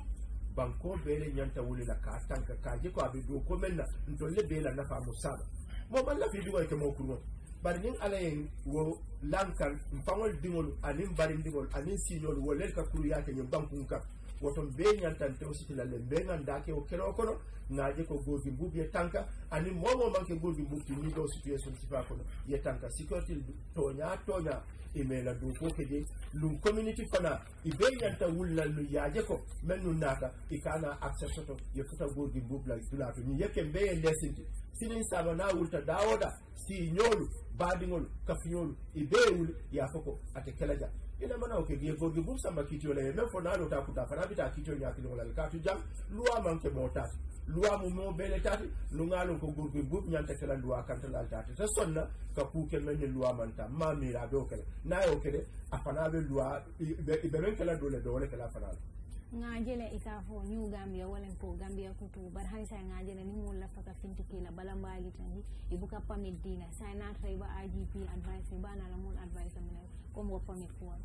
banko bele ñanta wulila ka tanka ka je ko aɓe dow ko men na ntolle bela nafa mo saba mo man lafi ɗugoy ke mo kurŋol bari niŋ ala ye wo lankan nfaŋol diŋol aniŋ barindiŋol aniŋ siiñol wo lel ka kuru yaake ñiŋ bankuŋ kaŋ woton be ñantan tew sitilalle be ganda ke o keno kono ŋaaje ko goobi mbub ye tanka ani momo manke goobi mbubti ni ɗo situation sifa kono ye tanka sécurité toña toña ime e la dow fo kede lum community fana i e be ñanta wullal nu yaaje ko men nu naata i e kana accès soto ye futa goobi mbub la dulaato ñi yekke mbeye ndesinti sinin sama na wulta dawoda si ñoolu baadiŋolu kafiñoolu i bee wuli ye a fo ko ate kelaja ina mana o kegie gorgi bum samba kitio le men fo nalo ta kuta fana bita kitio a kilongo la katu jam luwa manke mo tati luwa mu mo bele tati lungalo ko gorgi bum nyanta kala luwa kanta la tati ta sonna ka ku kel men luwa manta ma mi ra do kala na yo kede afana be luwa be ben kala dole dole kala fana ŋaajele i ka fo ñiw gambiya walaŋ po gambiya kutu bari hani sa ŋaajele ni moolu la faka fintiki la bala mbaagi tanji i buka pamit diina sa naata i ba agp advice i ba na la moolu advice amina comme wa pamit kuwala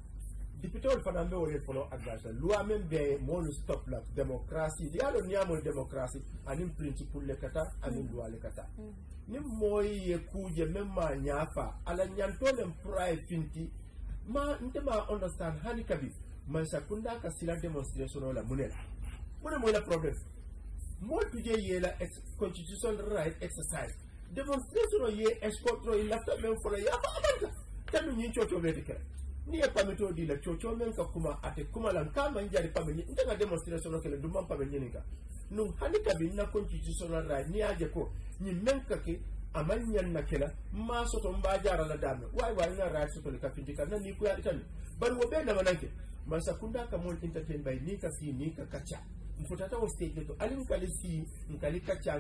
dipitewol fanan ɓe woni fono advantage loi men ɓe molu stop la démocratie yaɗo niyamol démocratie anin principe le kata anin mm. loi le kata mm. nin moyi ye kuuje men ma ñaafa ala ñantolen praye finti ma ntema understand hani kabi mansa kunda ka sila démonstration o la mune la mune moyi la problème mo tuje yela constitution right exercise démonstration o ye escotre i lafta men fono yafa abanta tanu ñin cocoɓeete kere niŋ pamito dii la coocoo meŋ ka kuma ate kuma laŋ ka a maŋ jari pame ñiŋ nte ka démonstrationo ke le dumaŋ pame ñiniŋ ka nuŋ hani kabiŋ na constitutional right niŋ ye a je ko ñiŋ meŋ ka ke a maŋ ñaŋ na ke la maa soto n be a jaara la daame waayi waayi ŋa right soto le ka finti ka na niikuya itami bari wo bee namanaŋ ke mansa kundaa ka moolu entertain bayi niŋ ka fii niŋ ka kacca n futata wo stage le to aliŋ n kali kacca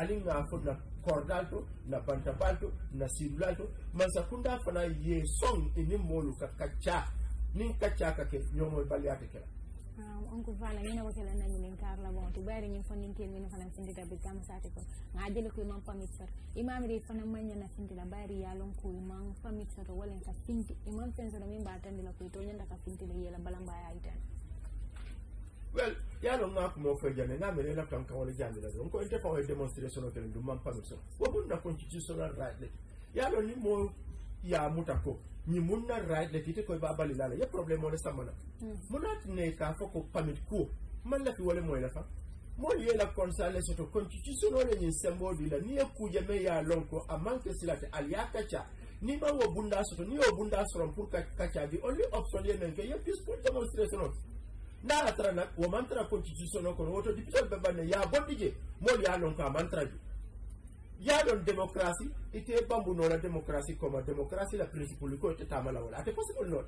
aliŋafo na kordal to na bantabal to na sirulal to mansakunda fana ye sɔŋ i ni moolu ka ka ca niŋ ka ca ka kɛ ɲɔgɔn baliya te kɛra oncle ah, fala mina ko kala nani min karla bon to bayri ñin fonnintel min fanan sindita bi kam sati ko nga jeli ko imam pamit sar imam ri fanan manya na sindila bayri ya lon ko imam pamit sar wala ka sinti imam sen sar min ba tan dila ko to nyanda ka sindila yela balamba ya well yalo ŋaku mo a jane ŋa mene la kanka wala jani la don ko inte fa way demonstration o kelen du man pamit so wo bun na constitutional right le yalo ni mo ya muta o le samana mun na ne ka fo ko pamit ko man la fi wala ye la konsa soto constitution o le a manke wo bunda soto ni wo bunda only option ye men ke ye peaceful demonstration nda a sara nak wo mantara constitution o kono woto dipitol ɓe ɓanne ya bonɗije mool ya lon ka mantara ju ya ɗon démocratie ite bambunola démocratie comme démocratie la principale ko tetamala wala ate possible noon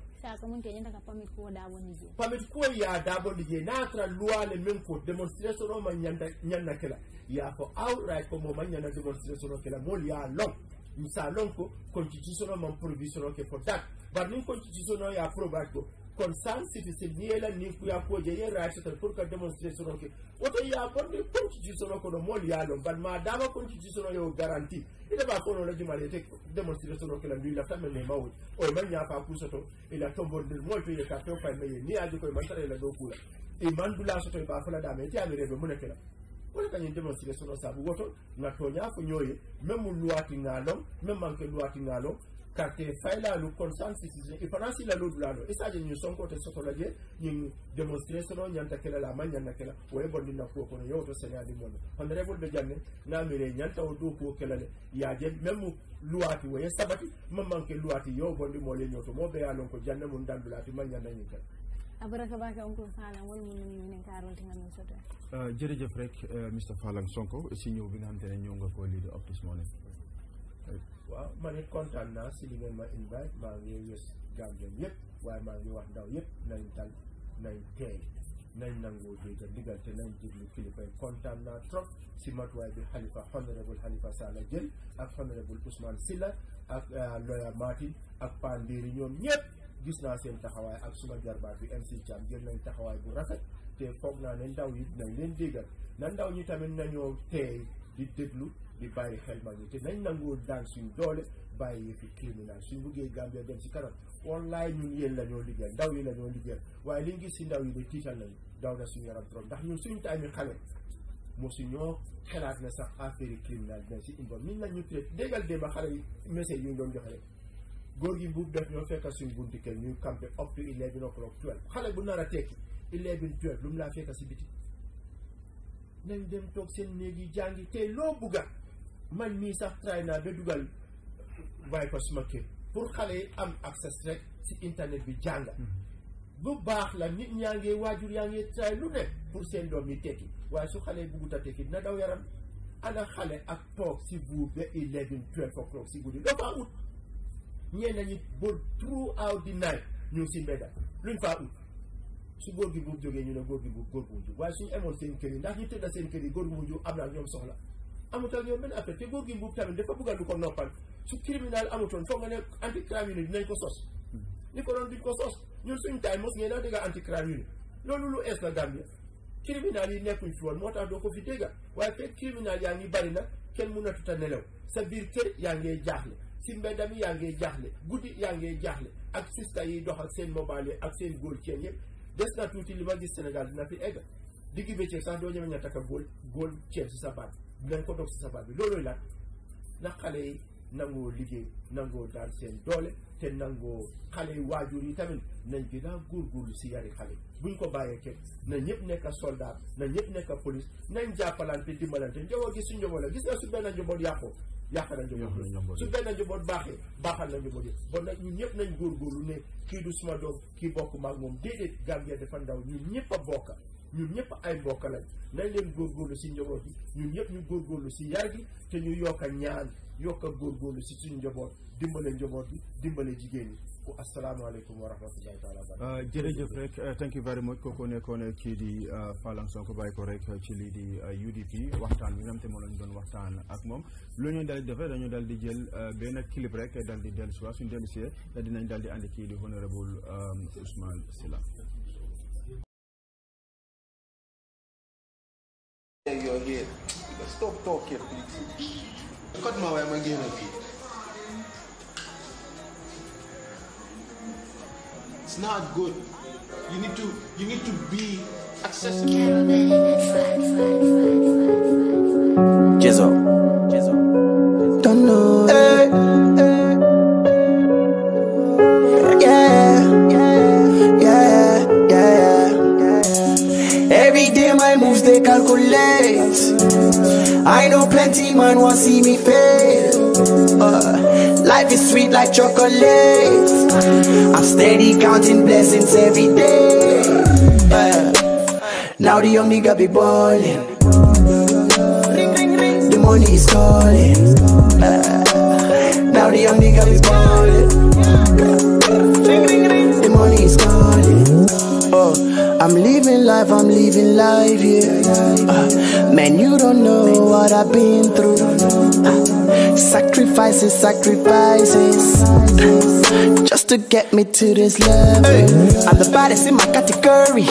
pamit kuwo ya dabondi je natra luwale min ko démonstration o ma ñanna kela ya fo outright ko moma ñanna démonstration o kela mool ya lon mi sa lon ko constitution o man provision o ke fo dat bar nin constitution o ya probat ko kon sans sitisiliela ni kuyakoje ye racitol pour que démontrer sono ke woto yakonde constitution o kono mool yaalon ban ma dama constitution o yo garanti ite ɓa kono la jumale te démontrer sono ke la nui lafta men ne mawol oye man ñafa kuusoto ila tombondir mool to ye carton fay ma ye ni aji koye man tara ila dow kuula e man dula soto e ɓa fola dame te ami reɓe muneke la wona kañum démontrer sono saabu woto gattoña fo ñooye même mu luwati ngalon kake faylalu consensus e fana a lodulano e saje ñin sonkote sotolage ñin démonstré sono ñanta kela la ma ñanna kela woye bondinna kuwo kono yewto seneadi mono honorable de janne namire ñanta o dow kuwo kelale yaje même luwati woye sabati mamanke luwati yo bondi mole ñoto mo ɓeya lon ko janne mum dandulati ma ñanna ñin kela abaraka baka onko falam wol mun ni min karol tinga min soto jërëjëf rek Mr Falang Sonko si ñëw bi nga xam te ne ñëw nga ko lii di Up This waaw man it kontaan naa si li ngeen ma invite maa ngi wés Gambien yëpp waaye maa ngi wax ndaw yëpp nañ tal nañ teey nañ nangoo dégg ndigal te nañ déglu kilifa yi kontaan naa trop si matuwaay bi Halifa honorable Halifa Sallah jël ak honorable Ousmane Silla ak euh, lawyer Martin ak Pandiri ñoom ñëpp gis naa seen taxawaay ak suma jarbaat bi MC Cham jël nañ taxawaay bu rafet te foog naa ne ndaw yi nañ leen déggal na ndaw ñi tamit nañoo teey di déglu di bàyyi xel mag ñi te nañ nangoo daan suñ doole bàyyi yëfi criminal suñ buggee Gambia dem ci kanam wallaay ñun yéen la ñoo liggéeyal ndaw yi la ñoo liggéeyal waaye liñ gis si ndaw yi de tiital nañu daw na suñu yaram trop ndax ñun suñ taami xale mosu ñoo xelaat na sax affaire criminal dinañ si indoom ñun lañ ñu traité déggal démb xale yi message yu ñu doon joxe góor gi mbuub def ñoo fekka suñ bunti kër ñuy campé up to eleven o'clock twelve xale bu nar a tekki eleven twelve lu mu laa fekka si biti nañ te loo bugga man mii sax tray naa ba dugal ko suma kër pour xale yi am access rek si internet bi jàng mm-hmm. lu baax la nit ñaa ngee waajur yaa ngee tray lu ne pour seen doom yi tekki waaye su xale yi buggut a tekki dina daw yaram ana xale ak toog si buur ba eleven twelve o'clock si guddi loo faa ut ñeen nañu ba throughout the night ñu si mbedda luñ faa ut su góor gi buub jógee ñu ne góor gi buub góor bu mu jóg waaye suñu emoon seen kër ndax ñu tëdda seen kër yi góor bu soxla amut ak yow benn affaire te góor gi boobu tamit dafa bëgg a du ko noppal su criminal amutoon foog nga ne anti crime unit dinañ ko sos ni hmm. ko doon duñ ko sos ñun suñ taay mos ngeen a dégg anti crime unit loolu lu ees la Gambia criminal yi nekkuñ fi woon moo tax doo ko fi dégg waaye fekk criminal yaa ngi bari na kenn mënatut a nelaw sa biir kër yaa ngee jaaxle si mbedda mi yaa ngee jaaxle guddi yaa ngee jaaxle ak sista yi dox ak seen mobile ak seen góol ceen yëpp des na tuuti li ma gis Sénégal dina fi egg digg bëccëg sax doo ñëme nga takk a góol góol ceen si sa baat nañ ko doog si sabar bi loolooy lan ndax xale yi nangoo liggéey nangoo daan seen doole te nangoo xale yi waajur yi tamit nañ gën a góorgóorlu si yari xale yi buñ ko bàyyee kenn na ñëpp nekk soldat na ñëpp nekk police nañ jàppalante dimbalante njaboot gi su njaboot la gis nga su benn njaboot yàqoo yàq na njaboot su benn njaboot baaxee baaxal na njaboot yi bon nag ñun ñëpp nañ lu ne kii du suma doom kii bokk maag moom déedéet Gambia dafa ndaw ñun ñëpp a bokka ñun ñëpp ay mbokk lañ nañ leen góorgóorlu si njaboot yi ñun ñëpp ñu góorgóorlu si yar gi te ñu yokk a ñaan yokk a góorgóorlu si suñu njaboot dimbale njaboot bi dimbale jigéen ñi ku asalaamaaleykum wa rahmatullahi taala wa euh, jërëjëf rek euh, thank you very much kooku nekkoon kii di euh, Falang Sonko bàyyi ko rek ci lii di UDP waxtaan bi nga xam te moom lañu doon waxtaan ak moom lu ñu dal di defee dañu dal di jël benn clip rek dal di dellu si waat suñu dellu si dinañ dal di andi kii di honorable Ousmane Sila Hey, you're here. Let's stop talking, please. Cut my way, I'm getting It's not good. You need to, you need to be accessible. Jizzo. Jizzo. Don't know. Hey. hey. Yeah. Yeah. Yeah. Every day my moves they calculate it. I know plenty man want see me fail. Uh, life sweet like chocolate. I'm steady counting blessings every day. Uh, now the young nigga be ballin'. The money is calling. Uh, the money is calling. I'm living life, I'm living life, yeah. Uh, man, you don't know what I've been through. Uh, sacrifices, sacrifices. Uh, just to get me to this level. I'm the baddest in my category.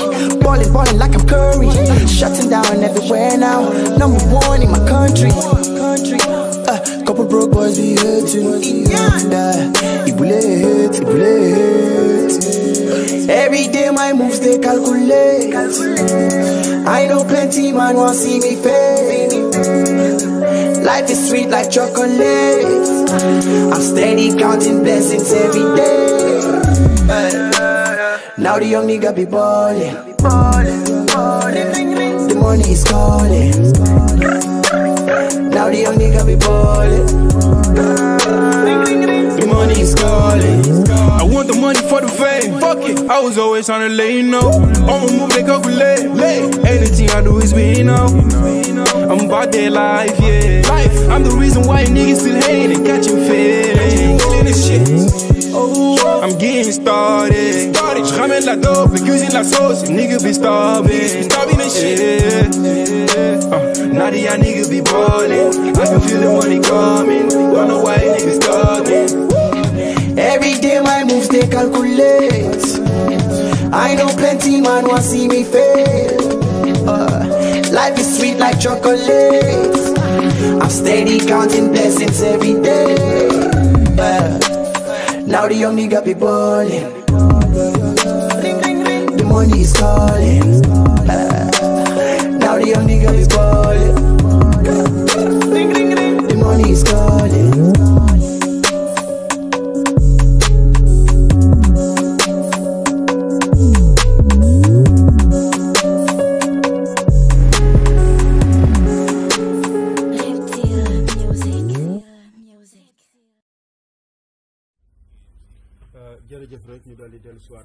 Balling, balling like I'm Curry. Shutting down everywhere now. Number one in my country. couple broke boys be hurting. Yeah. It will it Every day my moves they calculate. I know plenty man want see me fail. Life is sweet like chocolate. I'm steady counting blessings every day. Now the young nigga be ballin'. money is calling. I want the money for the fame. I was always trying to let you know. I'ma move like a late. Anything I do is me now. I'm about that life, yeah. Life. I'm the reason why niggas still hating. Got you feeling. Feeling this shit. Oh, I'm getting started. Je ramène la dope, et cuisine la sauce. Nigga be starving. Starving this shit. Yeah. Uh, naughty, I nigga be ballin'. I can feel the money coming. Don't know why calculate. I know plenty man want see me uh, life is sweet like chocolate. I'm steady counting blessings every day. Uh, now the young nigga be ballin'. money is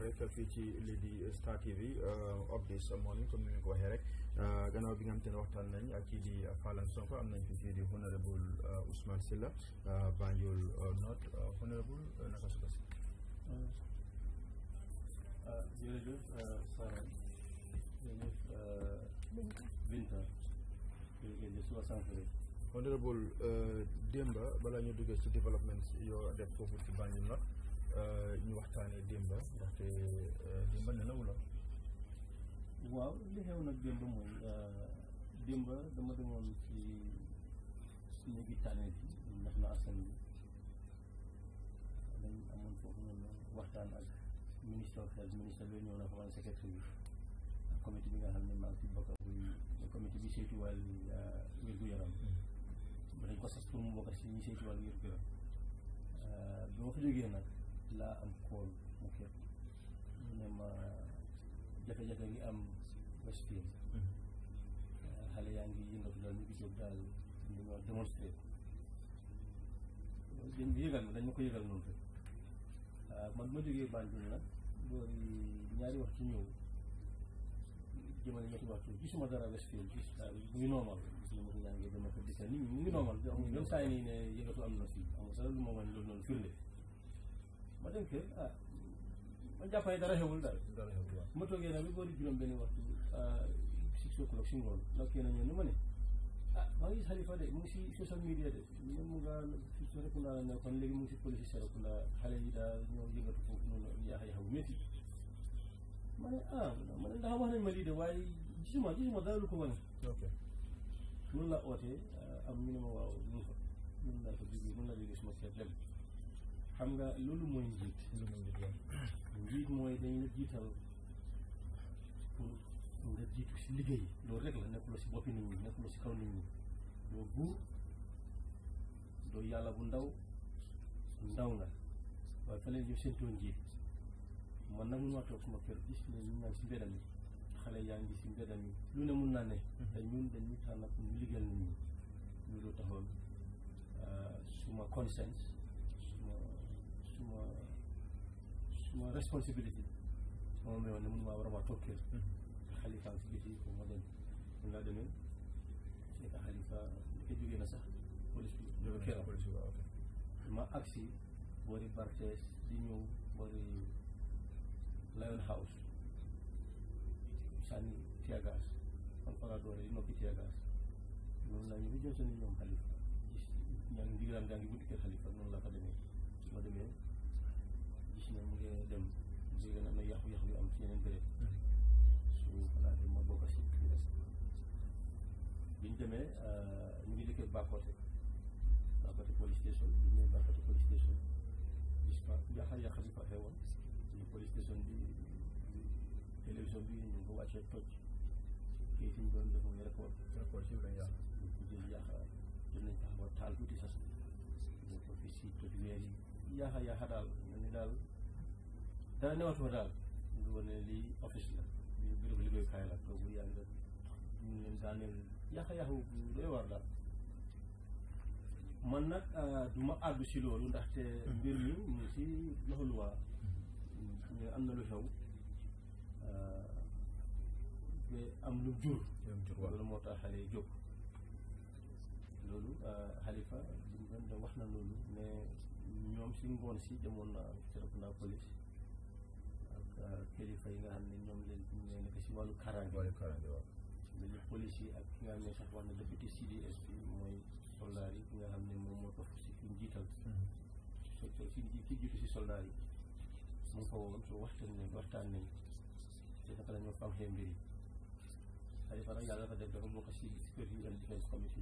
rek ci lii di Star TV euh, update morning comme ni ñu ko waxee rek euh, gannaaw bi nga xam te ne waxtaan nañ ak kii di Falan Sonko am nañ fi kii di honorable euh, Ousmane Silla Banjul North honorable naka suba si. jërëjëf Sara jërëjëf Binta jërëjëf suba sànq rek. honorable démba balaa ñu duggee ci développement yoo def foofu ci Banjul North ñu waxtaanee démba. te euh, Demba nelaw la. waaw li xew nag démb mooy euh, démb dama demoon ci néegi tànnee bi ndax la askan dañ amoon foofu noonu waxtaan ak ministre of health ministre bi ñëw na fa man secrétaire bi ak comité bi nga xam ne maa ngi ci bokk ak comité bi saytu wàllu euh, wér-gu-yaram dañ ko yaram bi ma fa jógee nag laa am jafe-jafe gi am Westfield mm-hmm. xale yaa ngi yëngatu daal ñu ngi jóg daal ñu ngi wax démonstré jën bi yëgal ma dañ ma ko yëgal noonu rek ah, man ma jógee Banjul nag boori ñaari waxtu ñëw jëmale ñetti waxtu gisuma dara Westfield gis ah, mu ngi normal gis ma ko yaa ngi ko gisal nit ñi ngi normal bi mm-hmm. amul même saa yi ne yëngatu am na fii amul sax lu ma wane loolu noonu firnde ma dem ah man jàpp ne dara xewul daal. dara xewul waaw ma toogee daal bi boori juróom benn waxtu six o'clock si ngoon ndax kii na ñëw ni ma ne ah maa ngi gis Halifa de mu ngi si social media de ñun mu ngaa si Serekunda ne kon léegi mu ngi daal ñoo yëngatu foofu noonu yaaxa yaxaw métti ma ne ah ma ne ndax wax nañ ma lii de waaye gisuma gisuma dara lu ko wane loolu la ootee am ñu ne ma waaw ñu ngi suma seet dem xam nga loolu mooy njiit njiit mooy dañ la jiital nga jiitu si liggéey loolu rek la nekkuloo si boppi nit ñi nekkuloo si kaw nit ñi doo buur doo yàlla bu ndaw ndaw na waaye fa leen yow seentoo njiit man nag mun toog suma kër gis ne ñu naan si mbedda mi xale yaa ngi si mbedda mi lu ne mun naa ne mm-hmm. te ñun dañuy tànn pour liggéeyal nit ñi loolu taxoon euh, suma conscience suma suma responsabilité sama mayoon ne mun maa war a maa toog kër xalifaan si ma dem mun laa demee fekk xalifa ke jógee na sax police bi police bi ma agsi boori Barthes di ñëw boori Lion House sànni tiyagas am fa laa doore yi noppi tiyagas laa ñu bi jël seen ñoom xalifa ñaa ngi ndigalaan gaa ngi buntu kër xalifa noonu laa fa demee ma demee ci ne mu ngi dem jigéen am na yàqu-yàqu yu am ci yeneen béréb mm-hmm. suñu xalaatee ma si ñu des bi ñu demee euh, ñu ngi dëkkee Bakoteh Bakoteh police station bi ñu nee Bakoteh police station gis fa yàq-yàq bi fa xewoon ñu police station bi télévision bi ñu ko wàccee toj kii doon def mooy record record si yaaxa yaaxa daal ñu ne daal dara newatu daal ñu war ne lii office la lii bureau liggéeyukaay la toogu yaa ngi ñu leen daaneel yàq-yàqu doy war daal man nag euh, du àddu si loolu ndaxte mm-hmm. mbir yi mu ngi si loxo luwaa mais am na lu xew te euh, am lu jur loolu moo tax xale yi jóg loolu xalifa euh, liñ doon wax na loolu mais ñoom si ngoon si demoon naa Serekunda police kilifa yi nga xam ne ñoom leen ñu ne nekk si wàllu karange wàllu karange waaw police yi ak ki nga xam ne sax wax na député CDS xam ne moo ko si suñ jiital so mm-hmm. si ki soldaar yi mu fa woon so waxtaan nañ waxtaan nañ te naka la ñoo fanxee mbir yi c'est-à-dire par seen mm-hmm. comité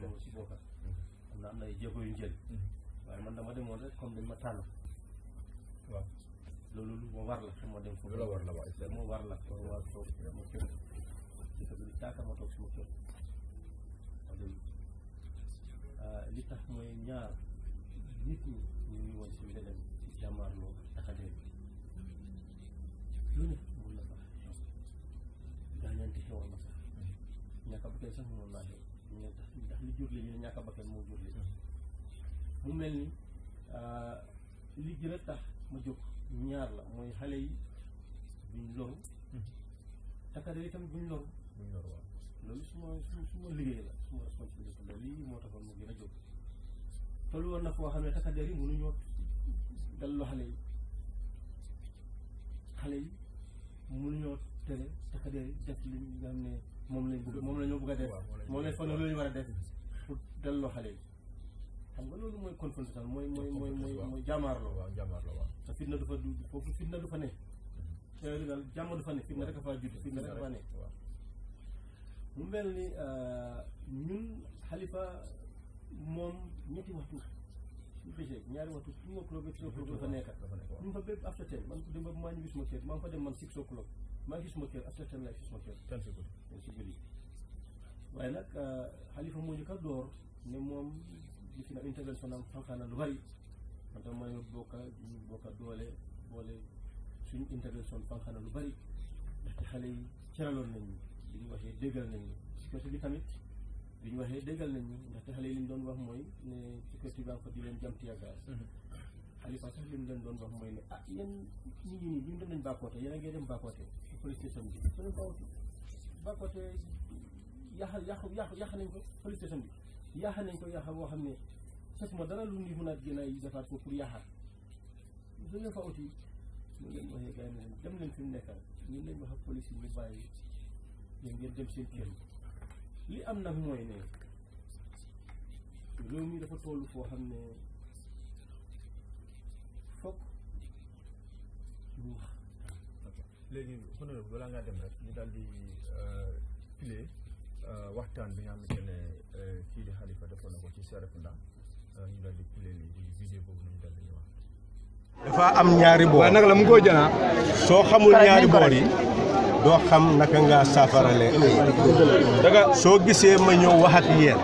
bi mm-hmm. ay jéego yu njël waaye man dama demoon rek comme dañ ma tànn waaw loolu lu moo war la xam ma dem foofu la war la waaye te war la kon war toog ma kër dafa gën saaka li tax mooy ñaar nit ñi ñu ngi woon si leneen ci jàmmaarloo taxadee bi lu ne mun na sax ñàkk a bakkee sax mënoon naa xew ñu tax li jur li ñu ñàkk a bakkee moo jur li mu mel ni euh, li gën a tax ma jóg ñaar la mooy xale yi duñ loru takare yi tamit duñ loru loolu su ma su ma liggéey la su ma responsabilité loolu yi moo taxoon mu gën a jóg tollu woon na foo xam ne takkadeer yi mënuñoo dallu xale yi xale yi mënuñoo moom lañ bëgg moom lañ fa loolu ñu war a def pour dalloo loolu mooy confrontation mooy mooy mooy mooy jaamaarloo waaw jaamaarloo waaw te fitna du fa du foofu fitna du fa ne te daal jàmm du fa ne fitna rek a faa jiitu fitna rek a faa ne mu mel ni euh, ñun xalifa moom ñetti waxtu ñu xëccee ñaari waxtu two o'clock ba three o'clock dafa nekka ñu fa bépp after ten man dem ba maa ngi suma kër maa ngi fa dem man six o'clock maa ngi suma kër after ten laay suma kër ten si guddi waaye nag xalifa euh, moo njëkk a door ne moom di fi na intervention am fanqaana lu bari man tam ma ne bokka ñu bokka doole boole suñu intervention fan xanaa lu bari ndaxte xale yi ceraloon nañ ñu bi ñu waxee déggal nañ ñu si ñu waxee déggal nañ ñu ndaxte xale yi li doon wax mooy ne si côté bi di leen jam tiyagaas mhm. Alifa sax li mu leen doon wax mooy ne ah yéen nit ñi ñu dem nañ Bakoteh yéen a ngi dem Bakoteh si police station bi su ko Bakoteh yàq yàq yàq nañ ko police station bi yàq nañ ko yàq ne gisatuma dara lu ñuy mënaat gën a defaat ko pour yaaxal su ñu fa uti ñu ngeen yi ne dem mu am nag mooy ne dafa toll foo xam ne foog ñu wax. léegi honorable balaa ngaa dem rek ñu daal di euh, euh, waxtaan bi nga xamante ne euh, kii di xalifa defoon na ko ci Serekunda Euh, dafa am ñaari boor nag la mu koy ah? soo xamul ñaari boor yi doo xam naka nga saafarale daga soo gisee ma ñëw wax ak yéen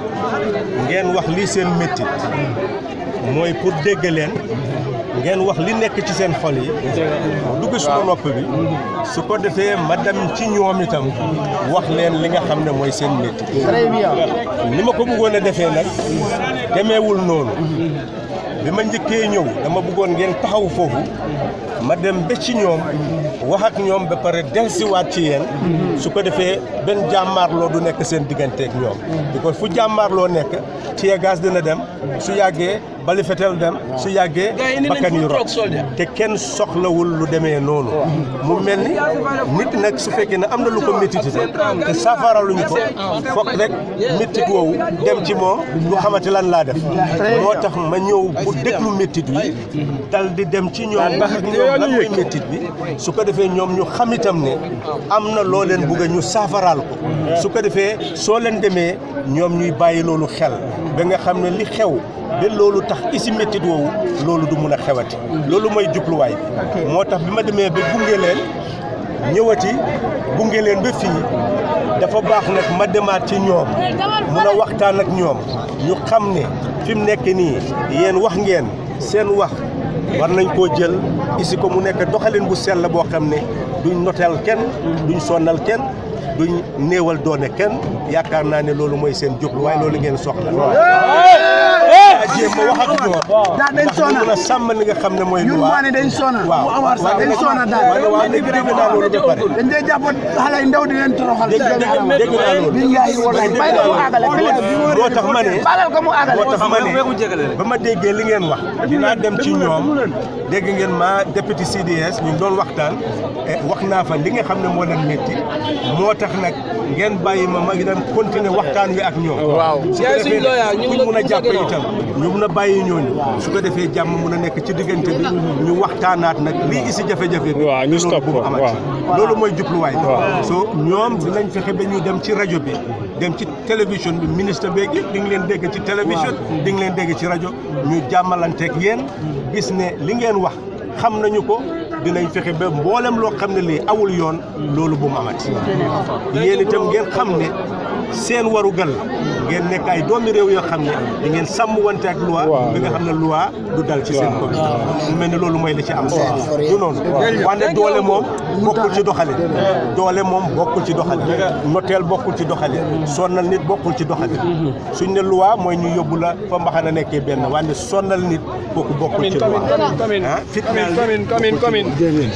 ngeen wax lii seen métti mooy pour dégg leen ngeen wax li nekk ci seen xol yi dugg suma nopp bi su ko defee ma dem ci ñoom itam wax leen li nga xam ne mooy seen métti ni ma ko bëggoon a defee nag demeewul noonu bi ma njëkkee ñëw dama buggoon ngeen taxaw foofu ma dem ba ci ñoom wax ñoom ba pare siwaat ci yéen su ko defee benn jàmmaarloo du nekk seen digganteeg ñoom di ko fu jàmmaarloo nekk tiye gaz dina dem su yàggee bali fetel dem su yàggee bakkan yu rot te kenn soxlawul lu demee noonu mu mel ni nit nag su fekkee ne am na lu ko métiti te saafaraluñu ko foog rek méttit woowu dem ci moom lu xamante lan laa def moo tax ma ñëw bu déglu méttit wi dal di dem ci ñoom wax ak ñoom lan mooy méttit bi ñoom ñu xam itam ne am na loo leen bëgg ñu saafaraal ko su ko defee soo leen demee ñoom ñuy bàyyi loolu xel ba nga xam ne li xew ba loolu tax isi méttit woowu loolu du mun a xewati loolu mooy jubluwaay moo tax bi ma demee ba gunge leen ñëwati gunge leen ba fii dafa baax nag ma demaat ci ñoom mun a waxtaan ak ñoom ñu xam ne fi mu nekk nii yéen wax ngeen seen wax war nañ koo jël isi ko mu nekk doxalin bu la boo xam ne duñ noteel kenn duñ sonnal kenn duñ néewal doone kenn yaakaar naa ne loolu mooy seen jubluwaay loolu ngeen soxla. laa jéem a wax a sàmm li nga xam ne mooy. ñun maa ne dañ soona. waaw waaw dañ soona daal. waaw léegi dégg naa loolu ba pare. dañ dee jàppoon xale yi ndaw di leen toroxal. dégg naa dégg naa loolu. bi ma ne. bàyyi ko mu àggale. moo tax ma ne ba ma déggee li ngeen wax. dinaa dem ci ñoom dégg ngeen ma député CDS ñu doon waxtaan. Eh, wax naa fa li nga xam ne moo leen métti moo tax nag ngeen bàyyi ma ma dem continuer waxtaan wi ak ñoom. waaw su ko defee a ñu mun a bàyyi ñooñu su ko defee jàmm mun a nekk ci diggante bi ñu waxtaanaat nag lii isi jafe-jafe bi waaw ñu stop loolu mooy jubluwaay bi so ñoom dinañ fexe ba ñu dem ci rajo bi dem ci télévision bi ministre beeg yëpp di leen dégg ci télévision di nga leen dégg ci rajo ñu jàmmalanteeg yéen gis ne li ngeen wax xam nañu ko dinañ fexe ba mboolem loo xam ne lii awul yoon loolu bu mu amati yéen itam ngeen xam ne seen waru gal ngeen nekk ay doomi réew yoo xam ne di ngeen sàmm wante ak loi bi nga xam ne luwa du dal ci seen commune mu mel ni loolu mooy li ci am solo du noonu wante doole moom bokkul ci doxalin doole moom bokkul ci doxalin noteel bokkul ci doxalin sonnal nit bokkul ci doxalin suñ ne loi mooy ñu yóbbu la fa mbaxana nekkee benn wante sonnal nit kooku bokkul ci loi ah, déedéet.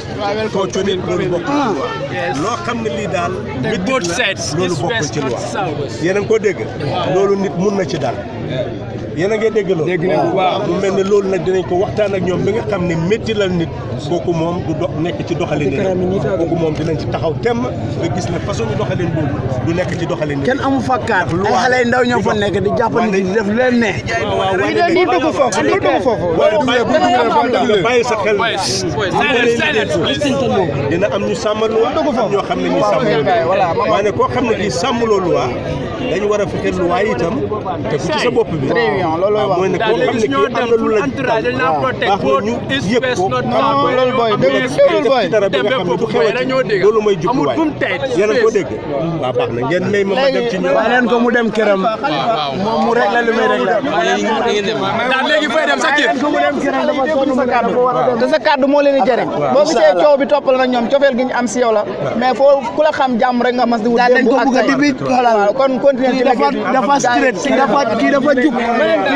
soo coonee loolu bokk ci loi. loo xam ne lii daal. métti na loolu bokk ci loi. yéen a ngi ko dégg. loolu nit mun na ci daal. yéen a ngay déggaloo dégg nañ bu baax mu mel ne loolu nag dinañ ko waxtaan ak ñoom bi nga xam ne métti la nit kooku moom du do nekk ci doxalin ni kooku moom dinañ ci taxaw temm nga gis ne façon doxalin boobu du nekk ci doxalin ni kenn amu fakkaat ay xale yu ndaw ñoo fa nekk di jàppal ni di def leen ne bu dugg foofu bu dugg foofu waaye bàyyi sa dina am ñu sàmm luwa am xam ne ñu sàmm luwa waaye koo xam ne kii sàmm loolu luwa dañu war a fexe luwa itam te ci sa bopp bi millions loolooy wax. daal léegi ñoo dem pour entourage dañ laa protect both espèce not non loolu booy déglu booy dem ba foofu booy dañoo dégg amul kum tey yéen a ko dégg waaw baax na ngeen may ma ma dem ci ñoom leen ko mu dem këram moom mu rek la lu may rek la daal léegi fay dem sa kër te moo leen di jëriñ boo coow bi toppal na ñoom cofeel gi am si yow la mais foo ku la xam jàmm rek nga mas di wut démb ak tey kon continuer ci dafa dafa straight dafa kii dafa jub waaw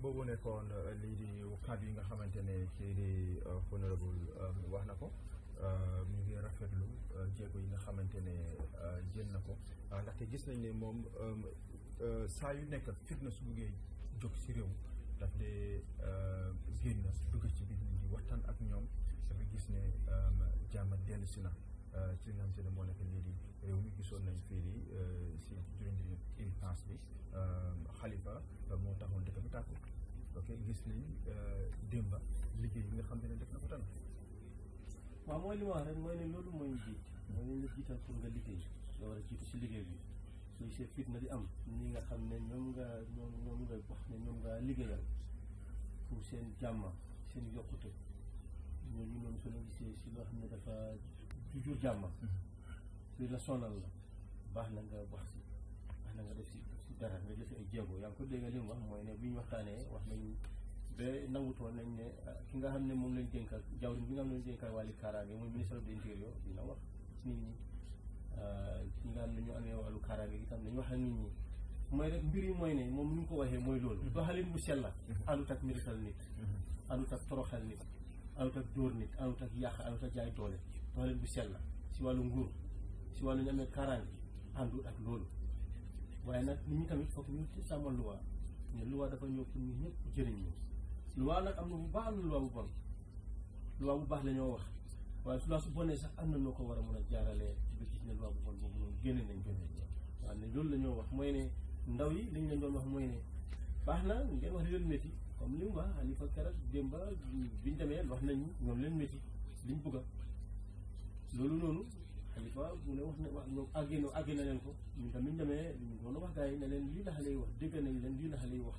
boobu nekkoon euh, lii di kàddu yi nga xamante ne kii di euh, honorable euh, wax na ko ñu ngi rafetlu jéego yi nga xamante ne jël na ko ndaxte gis nañ ne moom saa yu nekk fitna buggee jóg si réew daf dee génn dugg ci biir nit ñi waxtaan ak ñoom dafa gis ne jàmm dellu si na ci li nga xamante ne moo nekk lii di réew mi gisoon nañ fii nii euh, si juróomi instance euh, euh, moo taxoon dëkk bi tàkku bi nga xam ne ne loolu a jiitu si liggéey am ñi nga xam ne ñoom nga ñoom nga wax ne ñoom nga liggéeyal pour seen jàmma seen yokkute ñooñu noonu soo gisee si loo xam ne dafa jujur jàmm mm-hmm. luy la sonal la baax na nga wax si baax na nga def si si dara nga def si yaa ngi ko dégg li wax mooy ne bi waxtaanee wax nañ ba nangutoon nañ ne ah, ki nga xam ne moom lañ dénkal jawriñ bi nga xam ne lañ dénkal wàlli kaaraange mooy ministre de l'intérieur dina wax nit ñi ah, ki ne ñu amee wàllu kaaraange itam nañ wax ak nit ñi mooy rek mbir mooy ne moom ni mu ko waxee mooy loolu doxalin bu sell la mm-hmm. àndut ak mérital nit mm-hmm. àndut ak toroxal nit àndut ak dóor nit àndut ak yàq àndut ak jaay doole doxalin bu sell la si wàllu nguur ci wàllu ñu amee kaaraange àndul ak loolu waaye nag nit ñi tamit foog ñu ci sàmm luwaa ne luwaa dafa ñëw pour ñu ñëpp jëriñoo luwaa nag am na bu baax am na luwaa bu bon luwaa bu baax la wax waaye su luwaa su bonee sax am na noo ko war a mën a jaaralee ba gis ne luwaa bu bon boobu noonu nañ génne waaw ne loolu la ñoo wax mooy ne ndaw yi li ñu leen doon wax mooy ne baax na ngeen wax li leen métti comme li mu wax Alifa Keras démba biñ demee wax nañ ñoom leen liñ bëgg a loolu tamit waaw mu na wax ko ñun tamit demee doon wax yi ne leen lii la xale yi wax dégg nañ leen lii wax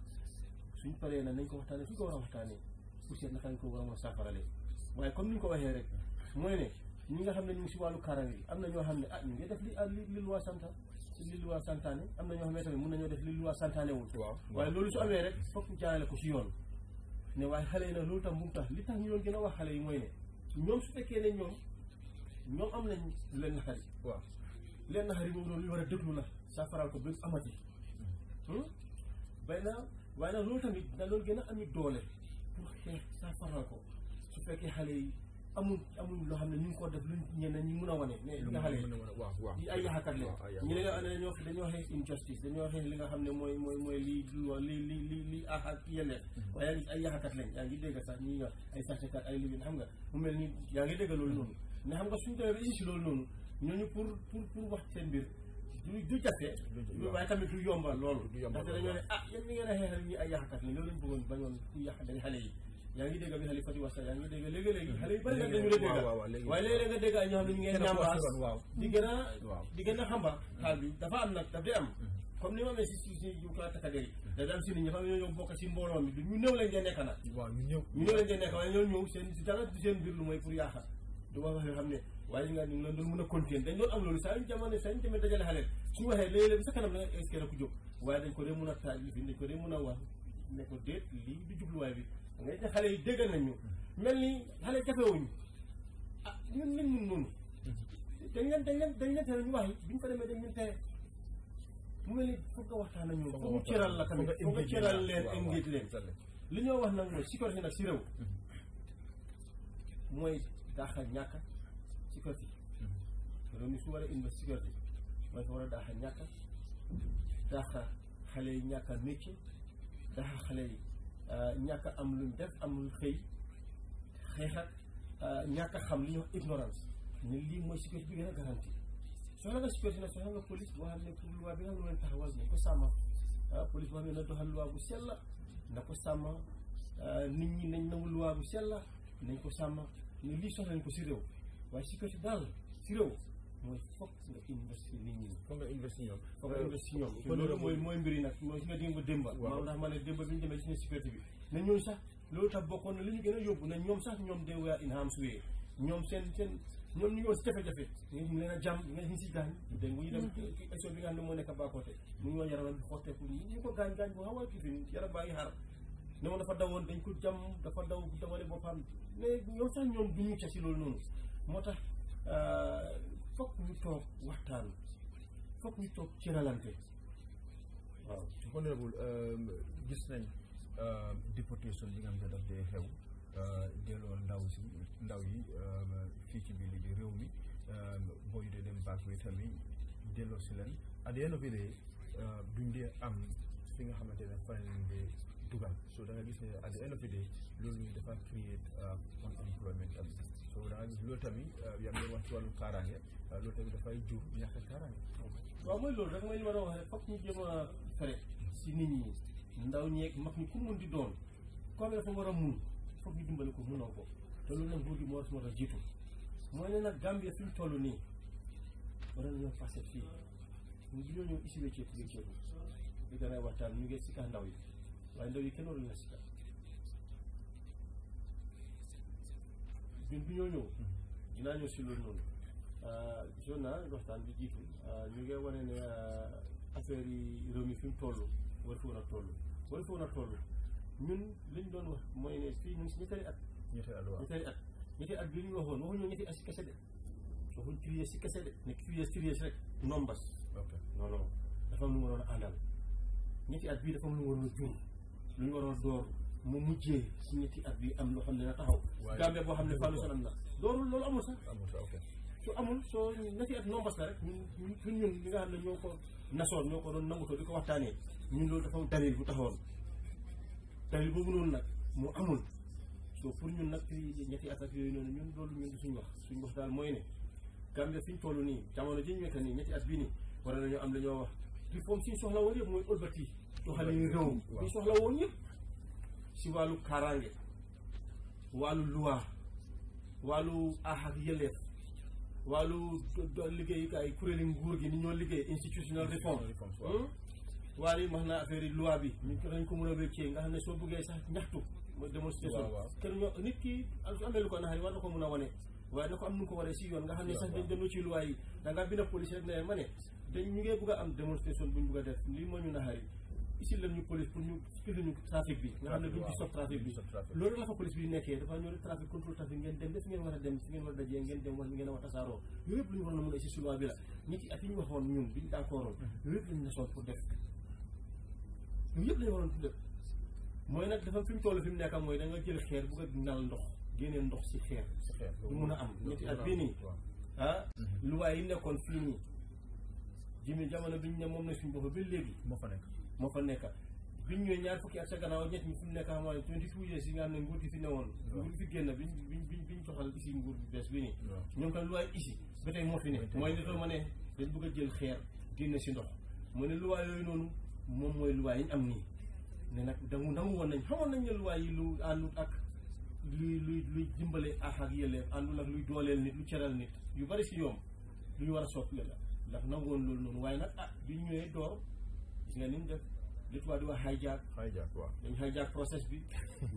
suñ na nañ ko waxtaanee suñ a waxtaanee pour seet naka ko war a mën ni ñu ko waxee rek mooy ne nga xam ne si wàllu kaaraange am na ñoo xam ne ah ñu ngi def li ah, li luwa santa li luwa am na ñoo xam mun nañoo def li luwa santaane wul waaye loolu su amee rek fokk jaarale ko si yoon ne waaye xale yi nag loolu tam bu mu tax li tax ñu gën a wax xale yi mooy ne ñoom su fekkee ne ñoom ñoom am nañ leen naxari waaw leen naxari moom loolu ñu war a déglu la saafaraal ko bëgg amati bay hmm? na waaye nag loolu tamit da loolu gën a amit doole pour xeex saafaraal ko su fekkee xale yi amul amul loo xam ne ñu ngi ko def luñ ñeneen ñi a wane ne nga xale yi ay yaxakat la ñu ne nga ne dañoo dañoo xeex li nga xam ne mooy mooy mooy lii li li li ak ak yeneen hmm. waaye yaa ngi ay yaxakat lañ yaa ngi dégg sax ñii nga ay saxtekat ay ligén xam nga mu mel ni yaa ngi dégg loolu noonu mais xam nga suñ demee ba indi si loolu noonu ñooñu pour pour pour wax seen mbir du du jafe. waaye tamit du ah, a mm-hmm. ñoo xam ne ñu ngi ñambaas di gën a mm-hmm. di gën a xamba xaal bi dafa mm-hmm. bokk si mbooloo mi ñu néew lañ dee nekk nag ñu néew lañ dee nekk waaye ñoo ñëw seen si dara du seen mbir lu mooy pour yaaxal du ma wax yoo xam ne waaye nga ne noonu mën a continuer dañ doon am loolu saa yu jamono saa yu demee dajale xale suñu waxee léeg-léeg sa kanam danga est-ce que da ko jóg waaye dañ ko dee mën a taalif dañ ko dee mën a wax ne ko déet lii du jubluwaay bi nga ne xale yi déggal nañ ñu mel ni xale jafewuñu ah ñun liñ mun noonu dañ leen dañ leen dañ leen tere ñu wax yi bi ñu fa demee dañ leen tere mu mel ni foog nga waxtaan ak ñoom foog nga cëral la tamit foog nga cëral leen engage leen li ñoo wax nag mooy sécurité nag si réew mhm. mooy daaxal ñàkk sécurité réew mi a mooy fa war a daaxal ñàkk daaxal xale yi ñàkk a métier daaxal euh, ñàkk am luñ def am luñ xëy xeexat euh, ñàkk xam li ñuy wax ignorance ne lii mooy sécurité bi gën a garanti soxla nga sécurité nag soxla nga police boo xam ne pour loi bi nga xam ne leen taxawal ne ko sàmm euh, police boo xam ne na doxal loi bu sell ko sàmm nit ñi nañ nangu loi bu sell nañ ko sàmm ne lii soxla nañ ko si réew waaye sécurité daal si réew mooy foog nga investi nit ñi foog nga investi ñoom foog nga investi ñoom loolu mooy mooy mbir yi nag mooy si nga dégg nga démba maa ndax ma ne démba bi ñu demee si ne sécurité bi na ñooñu sax loolu tax bokkoon na li ñu gën a yóbbu na ñoom sax ñoom de waa in ham suyee ñoom seen seen ñoom ñu ngi woon si jafe-jafe ñu leen a jàmm nga ñu si gaañ dégg nga ñu dem émission bi nga xam ne moo nekk Bakoteh mu ngi woon yaramam bi xotteeku ñu ko gaañ gaañ bu xaw a kii fi yaram baa ngi xar ne moom dafa dawoon dañ ko jàmm dafa daw dawale boppam léegi ñoom sax ñoom duñu ca si loolu noonu moo tax euh, foog ñu toog waxtaan foog ñu toog ci ralante waaw honorable euh, gis nañ euh, déportation bi nga xam ne daf dee xew delloo ndaw si ndaw yi fii ci biir léegi réew mi booy dee dem baak bi tamit delloo si leen at the end of duñ dee am fi nga xamante ne fan leen dee dugal so da nga gis ne at the end of the day loolu ñu dafa create unemployment uh, da uh, wax ci wàllu kaaraange uh, loolu tamit dafay jur ñàkk kaaraange a wax rek foog si nit ñi ñi ku mun di doon comme dafa a mun ko munoo ko te loolu nag nguur gi moo war a jiitu mooy ne nag Gambie fi mu toll nii ñu bi ñoo ñëw isile ceeb bi ceeb bi gën a waxtaan ñu ngi si ndaw yi waaye ndaw yi kenn waruñu si kat ñun bi ñoo mm-hmm. dinaa ñëw si loolu noonu gisoon euh, naa waxtaan bi jiitu euh, ñu ngi wane ne euh, affaire yi réew mi fi mu toll war fi woon a war fi woon a ñun liñ doon wax mooy ne fii ñun si ñettari at ñettari at ñettari at bi ñu waxoon waxuñu ñetti at si kese de waxuñ curieux si kese de ne curieux curieux rek nombas non non dafa am waroon a ñetti at bii dafa am waroon a lu ñu waroon door mu mujjee si ñetti at bi am loo xam ne na taxaw Gambie boo xam ne fàllu sonam la doorul loolu amul sax su amul soo ñetti at nombas la rek ñun ñoo ko nasoon ñoo ko doon nangutoo di ko waxtaanee ñun loolu dafa dalil bu taxawoon dalil boobu noonu nag mu amul so pour ñun nag ñetti at ak yooyu noonu ñun loolu ñun di suñ wax suñ wax daal ñu jamono ji ñu nekk nii ñetti at bii nii war nañoo am la ñoo wax di foom suñ soxla woon yëpp mooy ëlbati doxalin réewam ñu soxla woon ñëpp si wàllu kaaraange wàllu luwaa wàllu ax ak yëleef wàllu liggéeyukaay kuréeli nguur gi ni ñoo liggéey institutional reform hmm? waaye wax naa na yi loi bi ñu dañ ko mën a wéccee nga xam ne soo bëggee sax ñaxtu mooy démonstration kenn ñoo nit ki su amee lu ko naxari war na ko mën a wane waaye na ko am nu ko waree si yoon nga xam ne sax dañ doon ci loi yi da ngaa bind police rek ne ma ne dañ ñu ngee bëgg a def lii moo ñu isil leen ñu police pour ñu spili ñu trafic bi nga xam ne duñ ci stop trafic bi loolu la fa police bi nekkee dafa ñëw rek trafic contrôle trafic ngeen dem def ngeen war a dem si ngeen war a dajee ngeen dem wax ngeen a wax ñu bi la ñu waxoon ñun biñ d'accordoon mm-hmm. yooyu yëpp lañu nasoon pour mooy nag dafa fi mu toll fi mu nekk mooy da nga jël xeer bu nga nal ndox génnee ndox si xeer du mun a am ñetti at bii nii ah mm-hmm. luwaay yi nekkoon fii nii jimi jamono biñ ne moom na suñ bopp bi léegi moo fa nekk moo fa nekk biñ ñëwee ñaar fukki at sa gannaaw ñett ñi fu mu nekk xam twenty two years yi nga xam ne nguur di fi newoon nguur di fi génn biñ biñ biñ isi nguur bi bees bi nii ñoom kan luwaay isi ba tey moo fi ne mooy li tax ma ne dañ bëgg a si ndox mu ne lu yooyu noonu moom mooy luwaay yi ñu am nii ne nag damu nangu woon nañ xamoon nañ ne luwaay yi lu àndul ak luy luy luy dimbale ax ak yëleef àndul ak luy dooleel nit lu ceral nit yu bari si yoom lu ñu war a soppi la ndax nangu woon loolu noonu waaye nag ah biñ ñëwee door gis nga ni mu def li tubaab di wax hijack. hijack waaw dañ hijack process bi.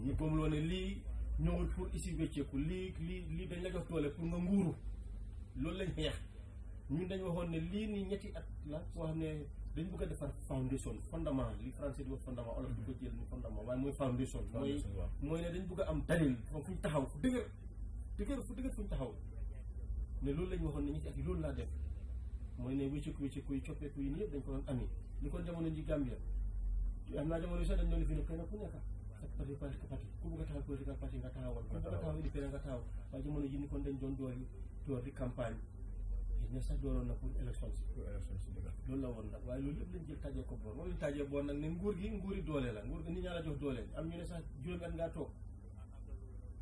ñu gëmloo ne lii ñëwul pour ici wécceeku lii lii dañ la jox doole pour nga loolu lañ xeex ñun dañ waxoon ne lii nii ñetti ak la soo xam ne dañ bëgg a defar foundation fondement li français di wax fondement olof di ko jël ni fondement waaye mooy foundation. mooy mooy ne dañ bëgg am dalil fu ñu taxaw fu dëgër dëgër fu dëgër fu ñu taxaw ne loolu lañ waxoon ne ñetti at yi loolu laa def mooy ne wécceeku wécceeku yi coppeeku yi nii yëpp dañ ko doon amee. li ko jamono ji Gambia am naa jamono yi sax dañ doon fi ne nekk ku bëgg a taxaw political parti nga taxawal a taxaw UDP nga taxaw waaye jamono ji ni kon dañ yi ne sax dooroon na pour élection si ko boor moom lañ tajee boor nag ne nguur gi nguuri doole la nguur gi nit ñaa la jox doole am ñu ne sax juróomi at ngaa toog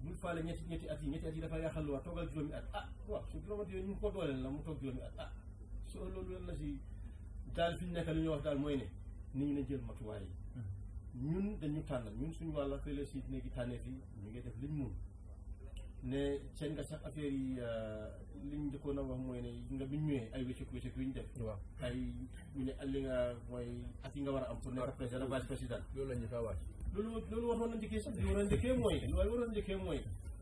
bul faale ñetti ñetti at yi ñetti at yi dafa yàqal lu waa toogal juróomi at ah waaw su juróomi ñu ko dooleel la mu toog juróomi at ah so loolu lan la si daal fi ñu nekk li ñuy wax daal mooy ne nit ñi na jël matuwaay yi mm-hmm. ñun dañu tànnal ñun suñu wàlla fëy la si néegi tànnee fi ñu ngi def liñ mun ne seen nga sax affaire yi euh, liñ njëkkoon a wax mooy ne nga biñ ñëwee ay wécc wécc yu ñu def ay ñu ne li nga mooy at yi nga war a am pour a président vice président loolu la ñu fa waaj loolu loolu waxoon njëkkee sax li war a njëkkee mooy loolu waroon njëkkee mooy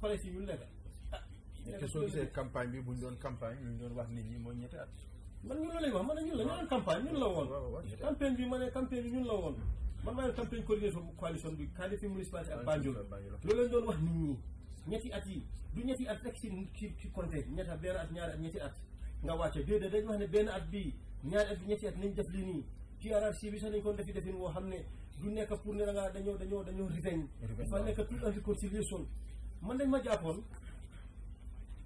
collège yi ñu lebal. ah soo gisee campagne bi bu ñu doon campagne ñu doon wax nit ñi mooy ñetti ñun doon bi ma bi ñun la woon. man maa ngi wax nit ñi ñetti at yi du ñetti at rek ci ci ci ñetti at benn at ñaari at ñetti at nga wàcce déedéet dañ wax ne benn at bii ñaari at bi ñetti at nañ def lii nii PRRC bi sax nañ ko defi defin woo xam ne du nekk pour ne da dañoo dañoo dañoo riveñ dafa tout en réconciliation man dañ ma jàppoon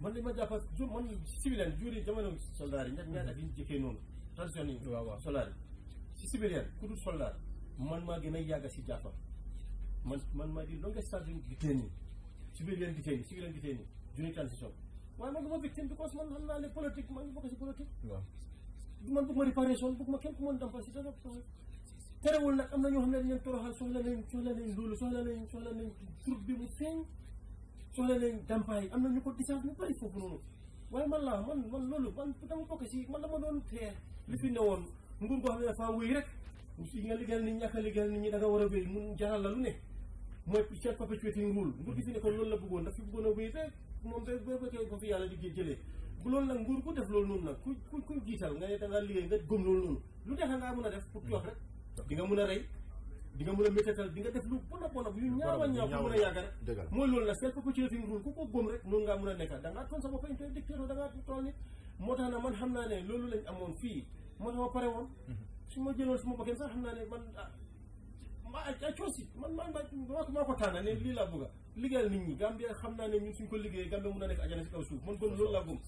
man dañ ma jàppoon ju man civilien juri jamono soldat yi ñett ñaari at yi ñu jëkkee noonu tradition yi waaw waaw soldat yi si civilien ku dul soldat man maa gën a yàgg si jàppam man man maa di longue stage di tee nii civilien di tee nii civilien di tee nii juri transition waaye man du ma victime because man xam naa ne politique man bokk si politique waaw man bëgg ma réparation bëgg ma kenn ku mën dampa si dara terewul nag am na ñoo xam ne dañ leen toroxal soxla nañ soxla nañ loolu soxla nañ soxla nañ tur bi mu feeñ soxla leen ndàmpaay am na ñu ko distance ñu bëri foofu noonu waaye man laa man man loolu man dama bokk si man dama doon tee li fi newoon nguur goo xam ne dafa wéy rek si nga liggéeyal nit ñi ñàkk a liggéeyal nit ñi da nga war a wéy mun jaral la lu la bëggoon daf fi moom ba ba ba ko fi yàlla liggéey jëlee bu loolu nag nguur ku def loolu noonu nag ku ku ku jiital nga ne da ngaa liggéey nga gëm loolu noonu lu tax ngaa mun a def pour jox rek di nga mun a rey di nga mën a mététal di nga def lu bon a bon a ñaawa ñaaw ko mën a yàgg rek mooy loolu nag self appreciating rule ku ko góom rek noonu ngaa mën a nekkal da ngaa toon man xam naa ne loolu lañ amoon fii moo tax ma woon mhm. su ma jëloon su ma bokkee sax xam naa ne man ah man ma maa ko tànn ne lii laa bëgg a liggéeyal nit ñi naa ne ñun ko liggéeyee Gambia mun na nekk ajana si kaw suuf man gëm loolu laa gëm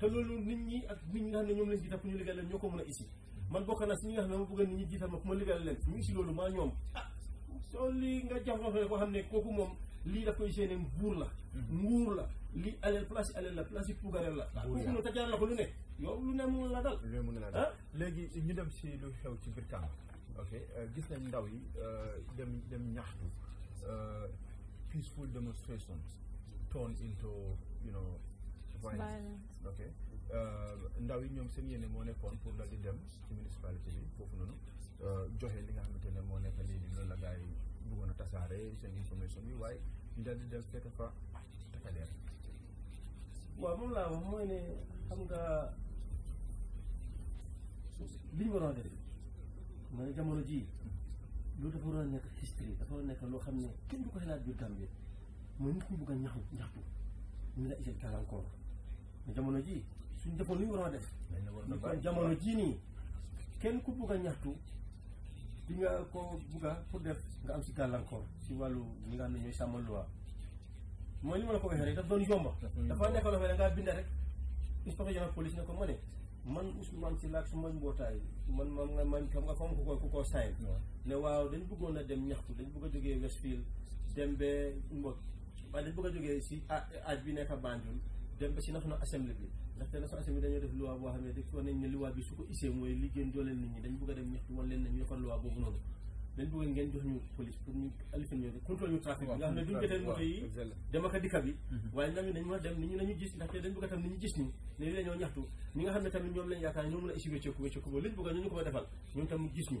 te loolu nit ñi ak nit ñi nga xam ne ñoom lañ ci tapp ñu liggéeyal leen ñoo ko mën a isi man bokk na si ñi nga xam ne ma bëgg nit ñi jiital ma fu ma liggéeyal leen ñu ngi si loolu maa ñoom ah soo lii nga jox ma ko xam ne kooku moom lii daf koy génne nguur la mm-hmm. nguur la lii aleel place aleel la place yi puugareel la kooku noonu te jaral la ko lu ne yow lu ne mun la dal lu ah? léegi ñu dem si lu xew ci biir kàmb ok euh, gis nañ ndaw yi euh, dem dem ñaxtu euh, peaceful demonstrations turn into you violence ok euh, ndaw yi ñoom seen yéene moo nekkoon pour la di dem ci municipalité bi foofu noonu euh, joxe li nga xamante ne moo nekk léegi loolu a tasaare seen information yi waaye ndal di dem fekk fa takaleer waaw moom laa mooy ne xam nga li ñu waroon a def mooy jamono jii dafa waroon a nekk dafa waroon a nekk loo xam ne kenn du ko xalaat biir Gambie mooy nit ñi bëgg a ñaxtu ñu la isal gàllankoor jamono ji suñ defoon lu ñu waroon a def jamono ji nii kenn ku bugg ñaxtu di nga ko bugg a pour def nga am si gàllankoor si wàllu ñi nga xam ne ñooy sàmmal loi la ko waxee rek daf doon yomba dafa nekk loo xam ne ko ma ne man si laaj su ma mbootaay man man nga man xam nga xam ku ko ku ko saay ne waaw dañ bëggoon a dem ñaxtu dañ bëgg a jógee Westfield dem ba Mbot waaye dañ bëgg a jógee si aaj bi nekk Banjul dem ba si national assemblée bi ndaxte national assemblée dañoo def loi boo xam ne def nañ ne loi bi su ko isee mooy li gën dooleel nit ñi dañ bëgg dem ñaxtu woon leen ne ñu nga ne mhm. ñu gis ndaxte dañ bëgg a tam ni ñu gis ñu ne li dañoo ñaxtu ñi nga xam ne tamit ñoom lañ yaakaar ñoo mën a issi wécceeku wécceeku boobu liñ bëgg ñu ñu ko fa defal ñoom tam gis ñu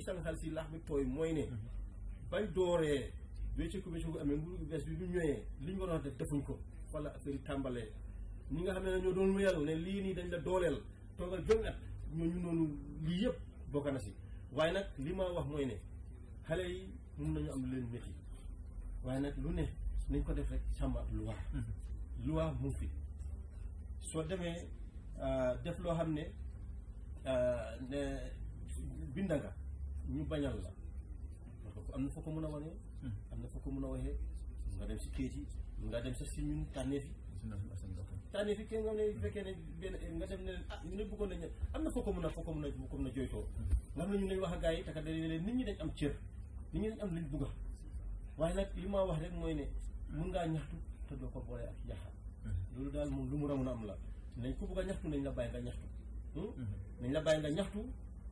ciy si laax bi tooy mooy ne bañ dooree wécceeku wécceeku amee nguur gi bees bi bu ñëwee li ñu waroon defuñ ko wala affaire yi tàmbalee ñi nga xam ne ñoo doon wéyal ne lii nii dañ la dooleel toogal jom at ñooñu noonu lii yëpp bokk na si waaye nag li ma wax mooy ne xale yi mun nañu am leen métti waaye nag lu ne nañ ko def rek sàmm ak lu luwaa mu fi soo demee euh, def loo xam ne euh, ne binda nga ñu bañal la parce que am na fa ko mën a wanee am na fa ko mën a waxee nga dem si kayit yi nga dem sax si ñun tànneef yi tànneef nga ne fekkee ne benn nga dem ne ah ñu ne nañ am na foo ko mën a foo ko mën a ko mën a jooytoo ñu lay wax a yi te kat léeg-léeg nit am cër nit ñi dañ am luñ bëgg li ma wax rek mooy ne mun ngaa ñaxtu te doo ko boole moom lu mu ramoon am la nañ ko bëgg a ñaxtu nañ la bàyyi nga ñaxtu hmm? Hmm. nañ la bàyyi nga ñaxtu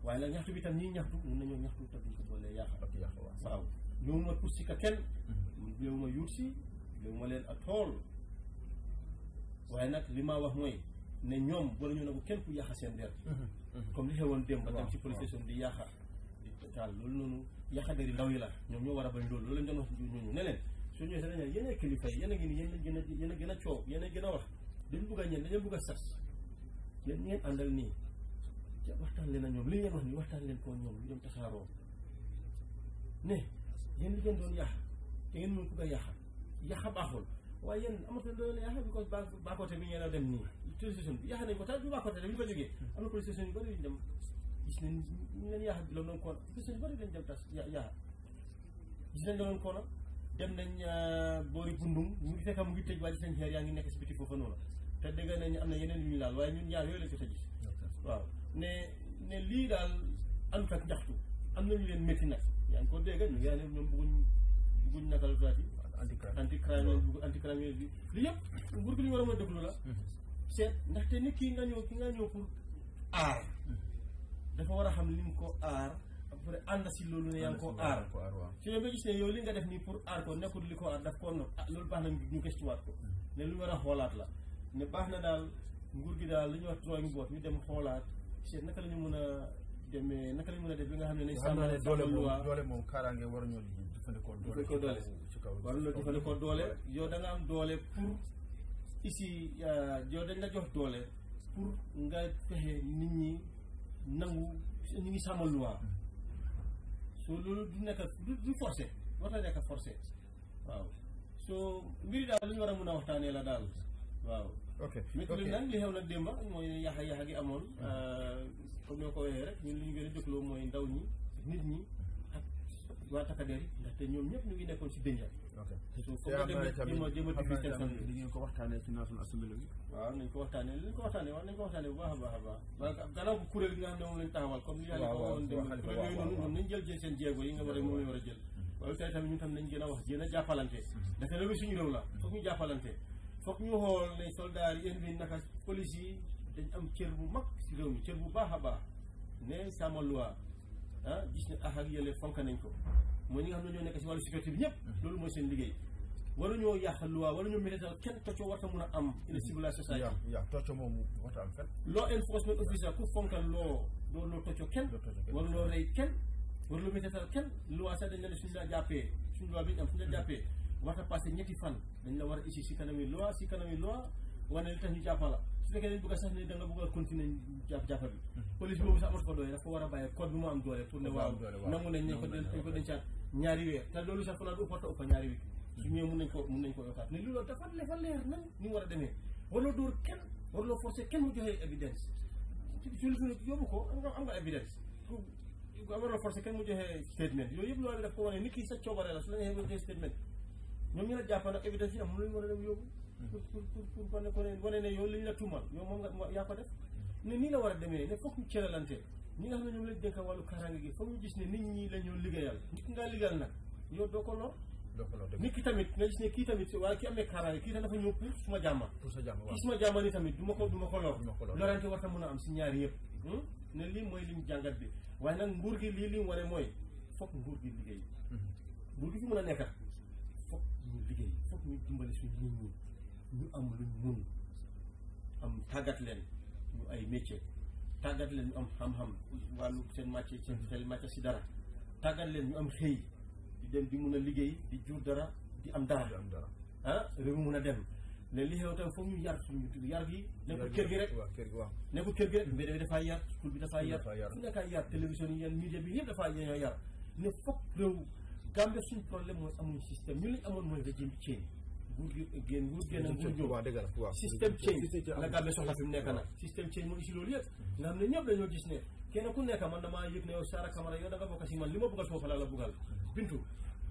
waaye nag ñaxtu bi tam ñiy ñaxtu mun nañoo ñaxtu te duñ ko boolee yaaqa ak yàq waaw waaw ñëw ma pour mm-hmm. si ma yuut si leen ak tool waaye nag li maa wax mooy ne ñoom war ñu nangu kenn ku yàq seen der mm-hmm. comme li xewoon démb ba dem ci police station di yàq di taal loolu noonu yàq deri ndaw yi la ñoom ñoo war a bañ loolu loolu lañ doon wax ñooñu ne leen su ñëwee sax dañu yéen a kilifa yi yéen a ngi nii yéen a gën a yéen gën a coow yéen a gën a wax dañ bugg a ñeen dañu bugg a sas yéen ngeen àndal nii waxtaan leen ak ñoom li ngeen wax ni waxtaan leen koo ñoom ñoom tasaaroo ne yéen li ngeen doon yàq te ngeen mën ko koy yàq yàq baaxul waaye yéen amatul ko ba baaxoote bi a dem ko tax du baaxoote dañu ko jógee am na police station yu ñu dem gis nañ ñu leen yàq bi loolu doon koon police station yu bëri lañ dem tas yàq gis nañ loolu koona dem nañ euh, boori gundum mu ngi fekk mu ngi tëj waaye gis nañ xeer yaa ngi nekk si biti foofa noonu te dégg nañ am na yeneen yu laal waaye ñun ñaar yooyu ne ne lii daal ànd ak njaxtu am na ñu leen métti nag yaa ngi ko dégg ñu ngi yaa ñoom bëgguñ bëgguñ nakal li yëpp nguur gi li ñu war a mën a déglu la mhm. kii nga ñëw ki nga ñëw dafa war a xam li mu ko aar après ànd si loolu ne yaa ngi ko aar su ne ba gis ne def nii pour aar ko ko aar daf koo nopp ah loolu baax mhm. lu war a xoolaat la ne baax na daal nguur gi daal li ñu wax drawing board ñu dem xoolaat Cheikh naka la mën a demee naka la mën a def bi nga xam ne nañ sàmm doole moom doole moom kaaraange war ñoo jëfandikoo doole jëfandikoo kaw war na jëfandikoo doole yow da nga la jox doole pour nga fexe nit ñi nangu ñu du nekk du forcé war na nekk forcé waaw so mbiri daal lu ñu war a mën a waxtaanee la daal waaw ok ok li nag li xew nag démba mooy yaxa yaxa gi amoon euh, comme ñoo ko waxee rek ñun li ñu gën a jógloo mooy ndaw ñi nit ñi ak waa takkadeer yi ndaxte ñoom ñëpp ñu ngi si dënja. ok ko wax nañ ko waxtaanee bu baax a baax a ne moom lañ taxawal comme li yàlla ko waxoon dem kuréel yooyu nañ jël seen jéego yi nga war a moom war a jël mm-hmm. waaye tey tamit ñun tam nañ gën a wax gën a jàppalante mm-hmm. dafa la suñu réew la foog ñu jàppalante foog ñu xool ne soldaar yi yéen bi naka police yi dañ am cër bu mag si réew mi cër bu baax a baax ne sama loi ah gis ne ax ak yële fonk nañ ko mooy ñu nga xam ne ñoo nekk si wàllu sécurité bi ñëpp loolu mooy seen liggéey waruñoo yàq loi waruñoo météo kenn a am une civilisation society yaa tocco moom warta am fenn law enforcement officer ku fonkal loo doo loo tocco kenn waruloo rey kenn waruloo météo kenn loi sax dañ ne suñu la jàppee suñu loi bi ñu am suñu la jàppee warta passé ñetti fan dañ la war a ici si kanami loi si kanami loi wane li tax ñu jàppa la su fekkee dañ bëgg sax ne da nga bëgg continuer jàpp bi mhm. police boobu sax amat fa doole dafa war a bàyyi code mu am doole pour ko dañ ko dencaat ñaari weer loolu sax kenn mu joxee évidence yóbbu ko am nga am nga évidence warloo forcé kenn mu joxee statement ñoom ñu la jàpp nag évidence yi am mënuñu war a mm. ne ko ne wane ne yow def. ne nii war a demee ne foog ñu cëralante nga xam ne ñoom lañ dénk wàllu kaaraange gi foog ñu gis ne nit ñi la ñoo liggéeyal nit ki nag yow doo ko lor. doo nit ki tamit nga gis ne kii tamit wala ki amee kaaraange kii dafa ñëw pour suma jàmma. pour sa jàmma waaw kii tamit du ko du ko lor. lorante war ta mën a am si ñaari yëpp. Hmm? ne lii mooy lim jàngat bi waaye nag nguur gi lii li mu wane mooy foog nguur gi liggéey. Mm-hmm. nguur gi a nekkat mu liggéey foog ñu dimbali suñu nit ñu am luñ mun am tàggat leen ñu ay métier tàggat leen ñu am xam-xam wàllu seen màcce seen xel mm-hmm. si dara tàggat leen ñu am xëy di dem di mun a liggéey di jur dara di am dara ah réew mi mun a dem mais li xew tam foog ñu yar suñu yar gi nekkul kër gi rek nekkul kër gi rek mbedd bi dafaa yar school bi dafaa yar fu nekkaa yar télévision yi yan média bi yëpp dafaa yar ne foog réew Gambie suñu problème mooy amuñu système ñu lañ amoon mooy régime change nguur gi eh, génn nguur soxla fi mu nekk nag système change mooy si loolu yëpp nga xam ne ñëpp dañoo gis ne kenn ku nekk man damaa yëg ne yow Sara Camara yow da nga si man li ma bëggal sama laa la bëggal bintu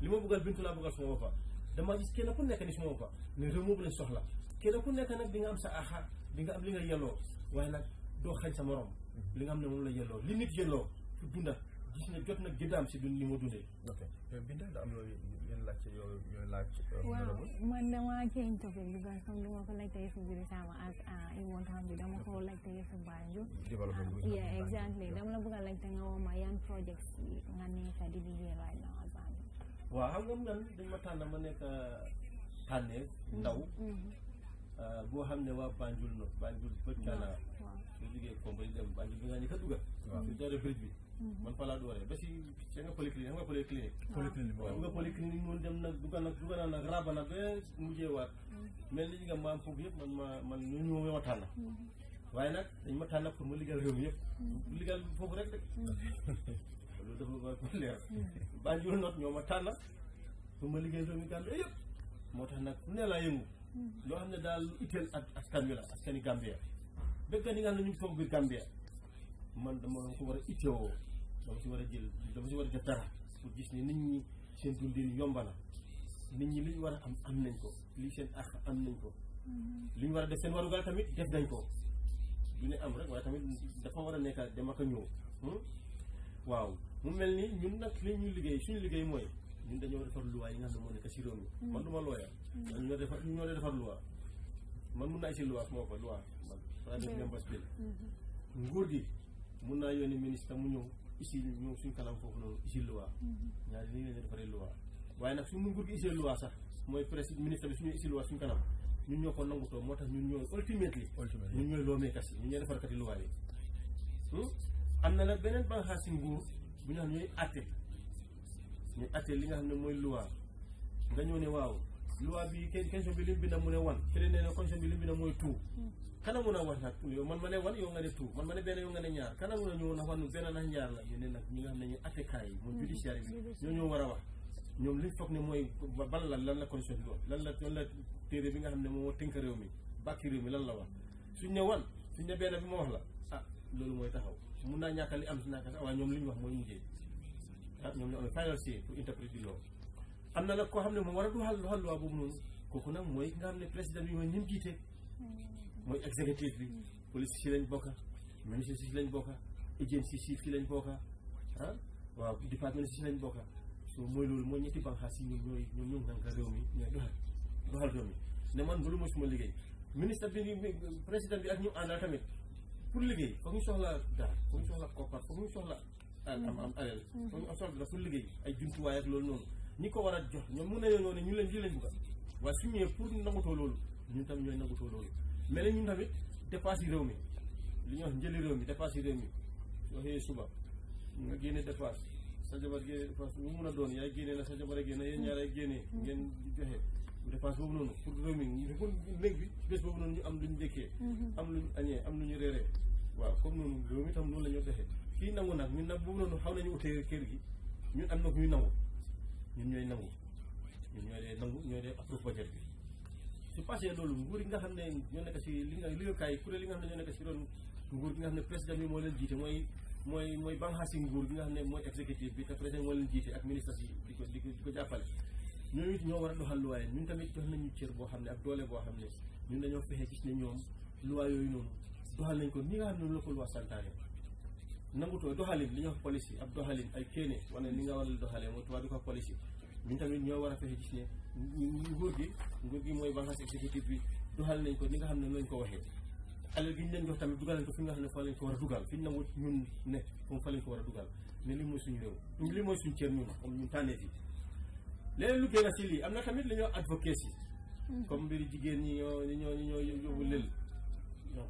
li ma bëggal bintu laa bëggal sama fa damaa gis kenn ku nekk ni sama fa mais réew moobu lañ soxla kenn ku nekk nag di am sa aha di nga am li nga yelloo waaye nag moom la yelloo li nit yelloo gis na jot na giddaam si dund li mu dundee. ok euh, Binta da am yooyu yéen laaj yooyu yooyu laaj. Euh, waaw man damaa change topic bi parce que du ma ko laajte yëfu biir sama as i woon xam bi dama ko laajte yëfu Banjul. yeah exactly dama la bëgg a laajte nga woo ma yan project yi nga nekk di liggéey right now ak Banjul. waaw xam nga man dañ ma tànn ma nekk euh, tànnee mm-hmm. ndaw. Mm-hmm. boo xam ne waa Banjul no Banjul bëj kanaa. waaw su liggéey ko mbay dem Banjul bi nga nekk a dugal. waaw su jaree bëj bi. Mm-hmm. man fa laa dooree ba si si nga polyclinique nga polyclinique. dem nag dugal nag dugal naa nag raba na ba eh, mujjee waat. Mm-hmm. mel ni nga yëpp man ma man ma tànn. Mm-hmm. waaye nag dañ pour ma liggéeyal réew mi yëpp. liggéeyal foofu rek rek. loolu ba leer. ma tànn ma liggéeyal réew mi yëpp. moo tax nag fu ne yëngu. loo xam ne daal itteel ak askan wi la askani Gambia. béykat yi nga xam ne ñu ngi toog biir Gambia man dama ko war a itteewoo. dafa si war a jël dafa si war a def dara pour gis ni nit ñi seen dundin yomb na nit ñi li ñu war a am am nañ ko li seen ax am nañ ko mm-hmm. li ñu war a def seen warugal tamit def nañ ko du ne am rek waaye tamit dafa war a nekk ak dem ak a ñëw hmm? waaw mu mel ni ñun nag li ñu liggéey suñu liggéey mooy ñun dañoo defar luwaa yi nga xam ne si réew mi mm-hmm. man du ma looya mm-hmm. ñoo defar ñoo dee defar luwaa man mun naa si luwaa moo fa luwaa man fa def members bill nguur gi mun naa yónni usine ñoom suñu kanam foofu noonu usine loi mhm. ñaari nii lañuy defaree loi waaye nag suñu nguur gi usine loi sax mooy presse ministre bi suñu usine loi suñu kanam ñun ñoo ko nangutoo moo tax ñun ñooy ultimately ñun ñooy loomeekat yi ñun ñooy defarkati loi yi hmm? am na nag beneen banxaas si nguur bu ñu xam ñooy atte ñooy atte li nga xam ne mooy loi nga ñëw ne waaw loi bi question bi lim bi na mu ne wan keneen nee na question bi lim bi na kanamu na wan nag yow man ma ne wan yow nga ne tout man ma ne benn yow nga ne ñaar kanamu na la yéen nag ñi ñu mooy judiciaire bi ñoo ñoo a wax ñoom liñ ne la lan la constitution bi wax lan la wan suñ benn bi ma la ah, ñoom li wax mooy mujjee ah, ñoom ñoo am na nag koo xam ne moom war a du xal xal loi boobu noonu kooku nag mooy nga xam ne président bi mooy ñim jiite mooy exécutif bi mm-hmm. police si lañ bokka ministre si lañ bokka agence si fii lañ bokka ah, waaw département si lañ bokka so mooy loolu mooy ñetti banxaas yi ñooy ñoom ñoom mi ñooy ne man loolu mooy suma liggéey ministre bi bi ak ñu àndal tamit pour liggéey foog ñu soxla daal foog ñu soxla koppar foog ñu soxla mm-hmm. jumtuwaay ak loolu ñi ko war a jox ñoom mun nañoo ñu leen lii lañ bëgg waaye suñu ñëwee pour nangutoo loolu ñun ñooy nangutoo loolu mais nag ñun tamit dépense yi réew mi li ñuy wax njëli réew mi dépense yi réew mi soo xëyee suba nga génne dépense sa jabar génne dépense mu mun a doon yaay génne la sa jabar a génne yéen ñaar ay génne ngeen mm-hmm. joxe dépense boobu noonu ñu am lu ñu dëkkee mm-hmm. am lu ñu lu ñu reeree waaw comme noonu réew mi tam noonu la ñoo doxee kii nangu nag ñun nag boobu noonu xaw nañu utee kër gi ñun am na ñu nangu ñun ñooy nangu ñun ñooy dee nangu ñooy dee approuve budget bi su passé loolu nguur yi nga xam ne ñoo nekk si li nga liggéeyukaay kuréel yi nga xam ne ñoo nekk si ron nguur gi nga xam ne président bi moo leen jiite mooy mooy mooy banxaasi nguur gi nga xam ne mooy exécutif bi te président moo leen jiite ak ministre di ko jàppale ñooñu it ñoo war a doxal luwaay ñun tamit jox boo xam ne ak doole boo xam ne ñun dañoo ko ni nga xam luwaa santaane nangutoo doxalin li ñuy wax police ab doxalin ay kéene wala li nga war a doxalee mooy tubaab di ko police nguur gi nguur gi mooy banque exécutive bi doxal nañ ko ni nga xam ne noonu lañ ko waxee alal gi ñu leen jox tamit dugal nañ ko fi nga xam ne fa lañ ko war a dugal fi ñu nangu ñun ne comme fa lañ ko war a dugal ne li mooy suñu réew li mooy suñu cër ñun comme ñun tànnee fi leneen lu gën a si lii am na tamit li ñoo advocacy hmm. comme mbiri jigéen ñi ñoo ñi ñoo ñi ñoo yóbbu lël donc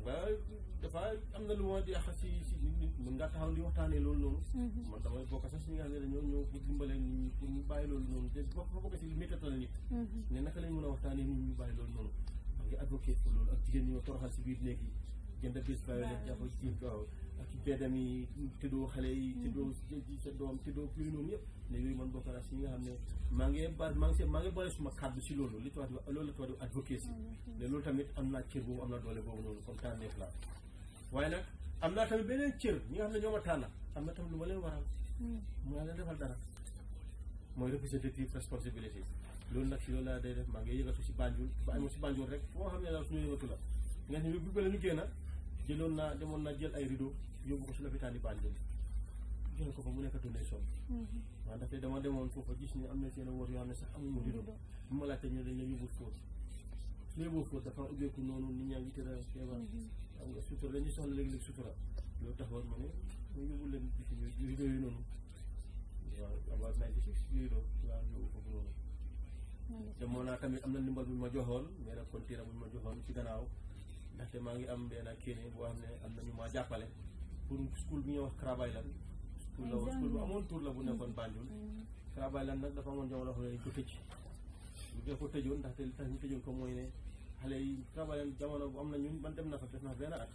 dafa am na lu ma di yàq si si nit mën ngaa waxtaanee loolu noonu. Mhm. man damay bokk sax si ñi nga xam ne dañoo ñëw bàyyi loolu noonu te boo ko bokkee si méttatal nit. Mhm. ne naka lañ mën a waxtaanee loolu noonu. xam nga advocate pour loolu ak jigéen ñi ma toroxal si biir néeg yi jënd bés bàyyi xale yi. Mhm. sa doom tëddoo yooyu yëpp. ne yooyu man bokk naa si ñi nga xam ne maa ngi ba maa ngi maa ngi suma kàddu si loolu li tubaab loolu la tubaab advocacy ne loolu tamit am naa cër boobu am na doole boobu noonu comme temps nekk waaye nag am naa tamit beneen cër ñi nga xam ne ñoo ma tànn am na tamit lu ma leen waral mooy hmm. la defal dara mooy representative responsibility loolu nag si loolu laa day def maa ngi yëngatu si Banjul ba si Banjul rek foo xam ne daal suñu yëngatu la nga naa demoon naa jël ay rideau yóbbu ko si lopitaan yi Banjul jël ko fa mu nekk donation hmm. waaw ndaxte dama demoon foofa gis ne am na seen wóor yoo xam ne sax amuñu rideau bu ma laajte ñu dañ la yóbbu fóot su yóbbu fóot dafa ubbeeku noonu nit ñaa ngi tëral feebar hmm. xam nga la ñu soxla léeg-léeg sutura loolu taxoon ma ne ma yóbbu leen bisi yooyu yooyu noonu waaw awaat naa gis te moo naa tamit am na ndimbal bu ñu ma joxoon mais nag kontiira ma joxoon ci gannaaw ndaxte maa ngi am benn kéene boo xam ne am na ñu ma jàppale pour school bi ñuy wax Krabaylan school la woon school bu amoon tour la bu nekkoon Banjul Krabaylan nag dafa amoon jamono xam ne dañ tëj ndaxte li tax ñu tëjoon ko mooy ne xale yi xamal jamono bu am na ñun man dem na ko def na benn ak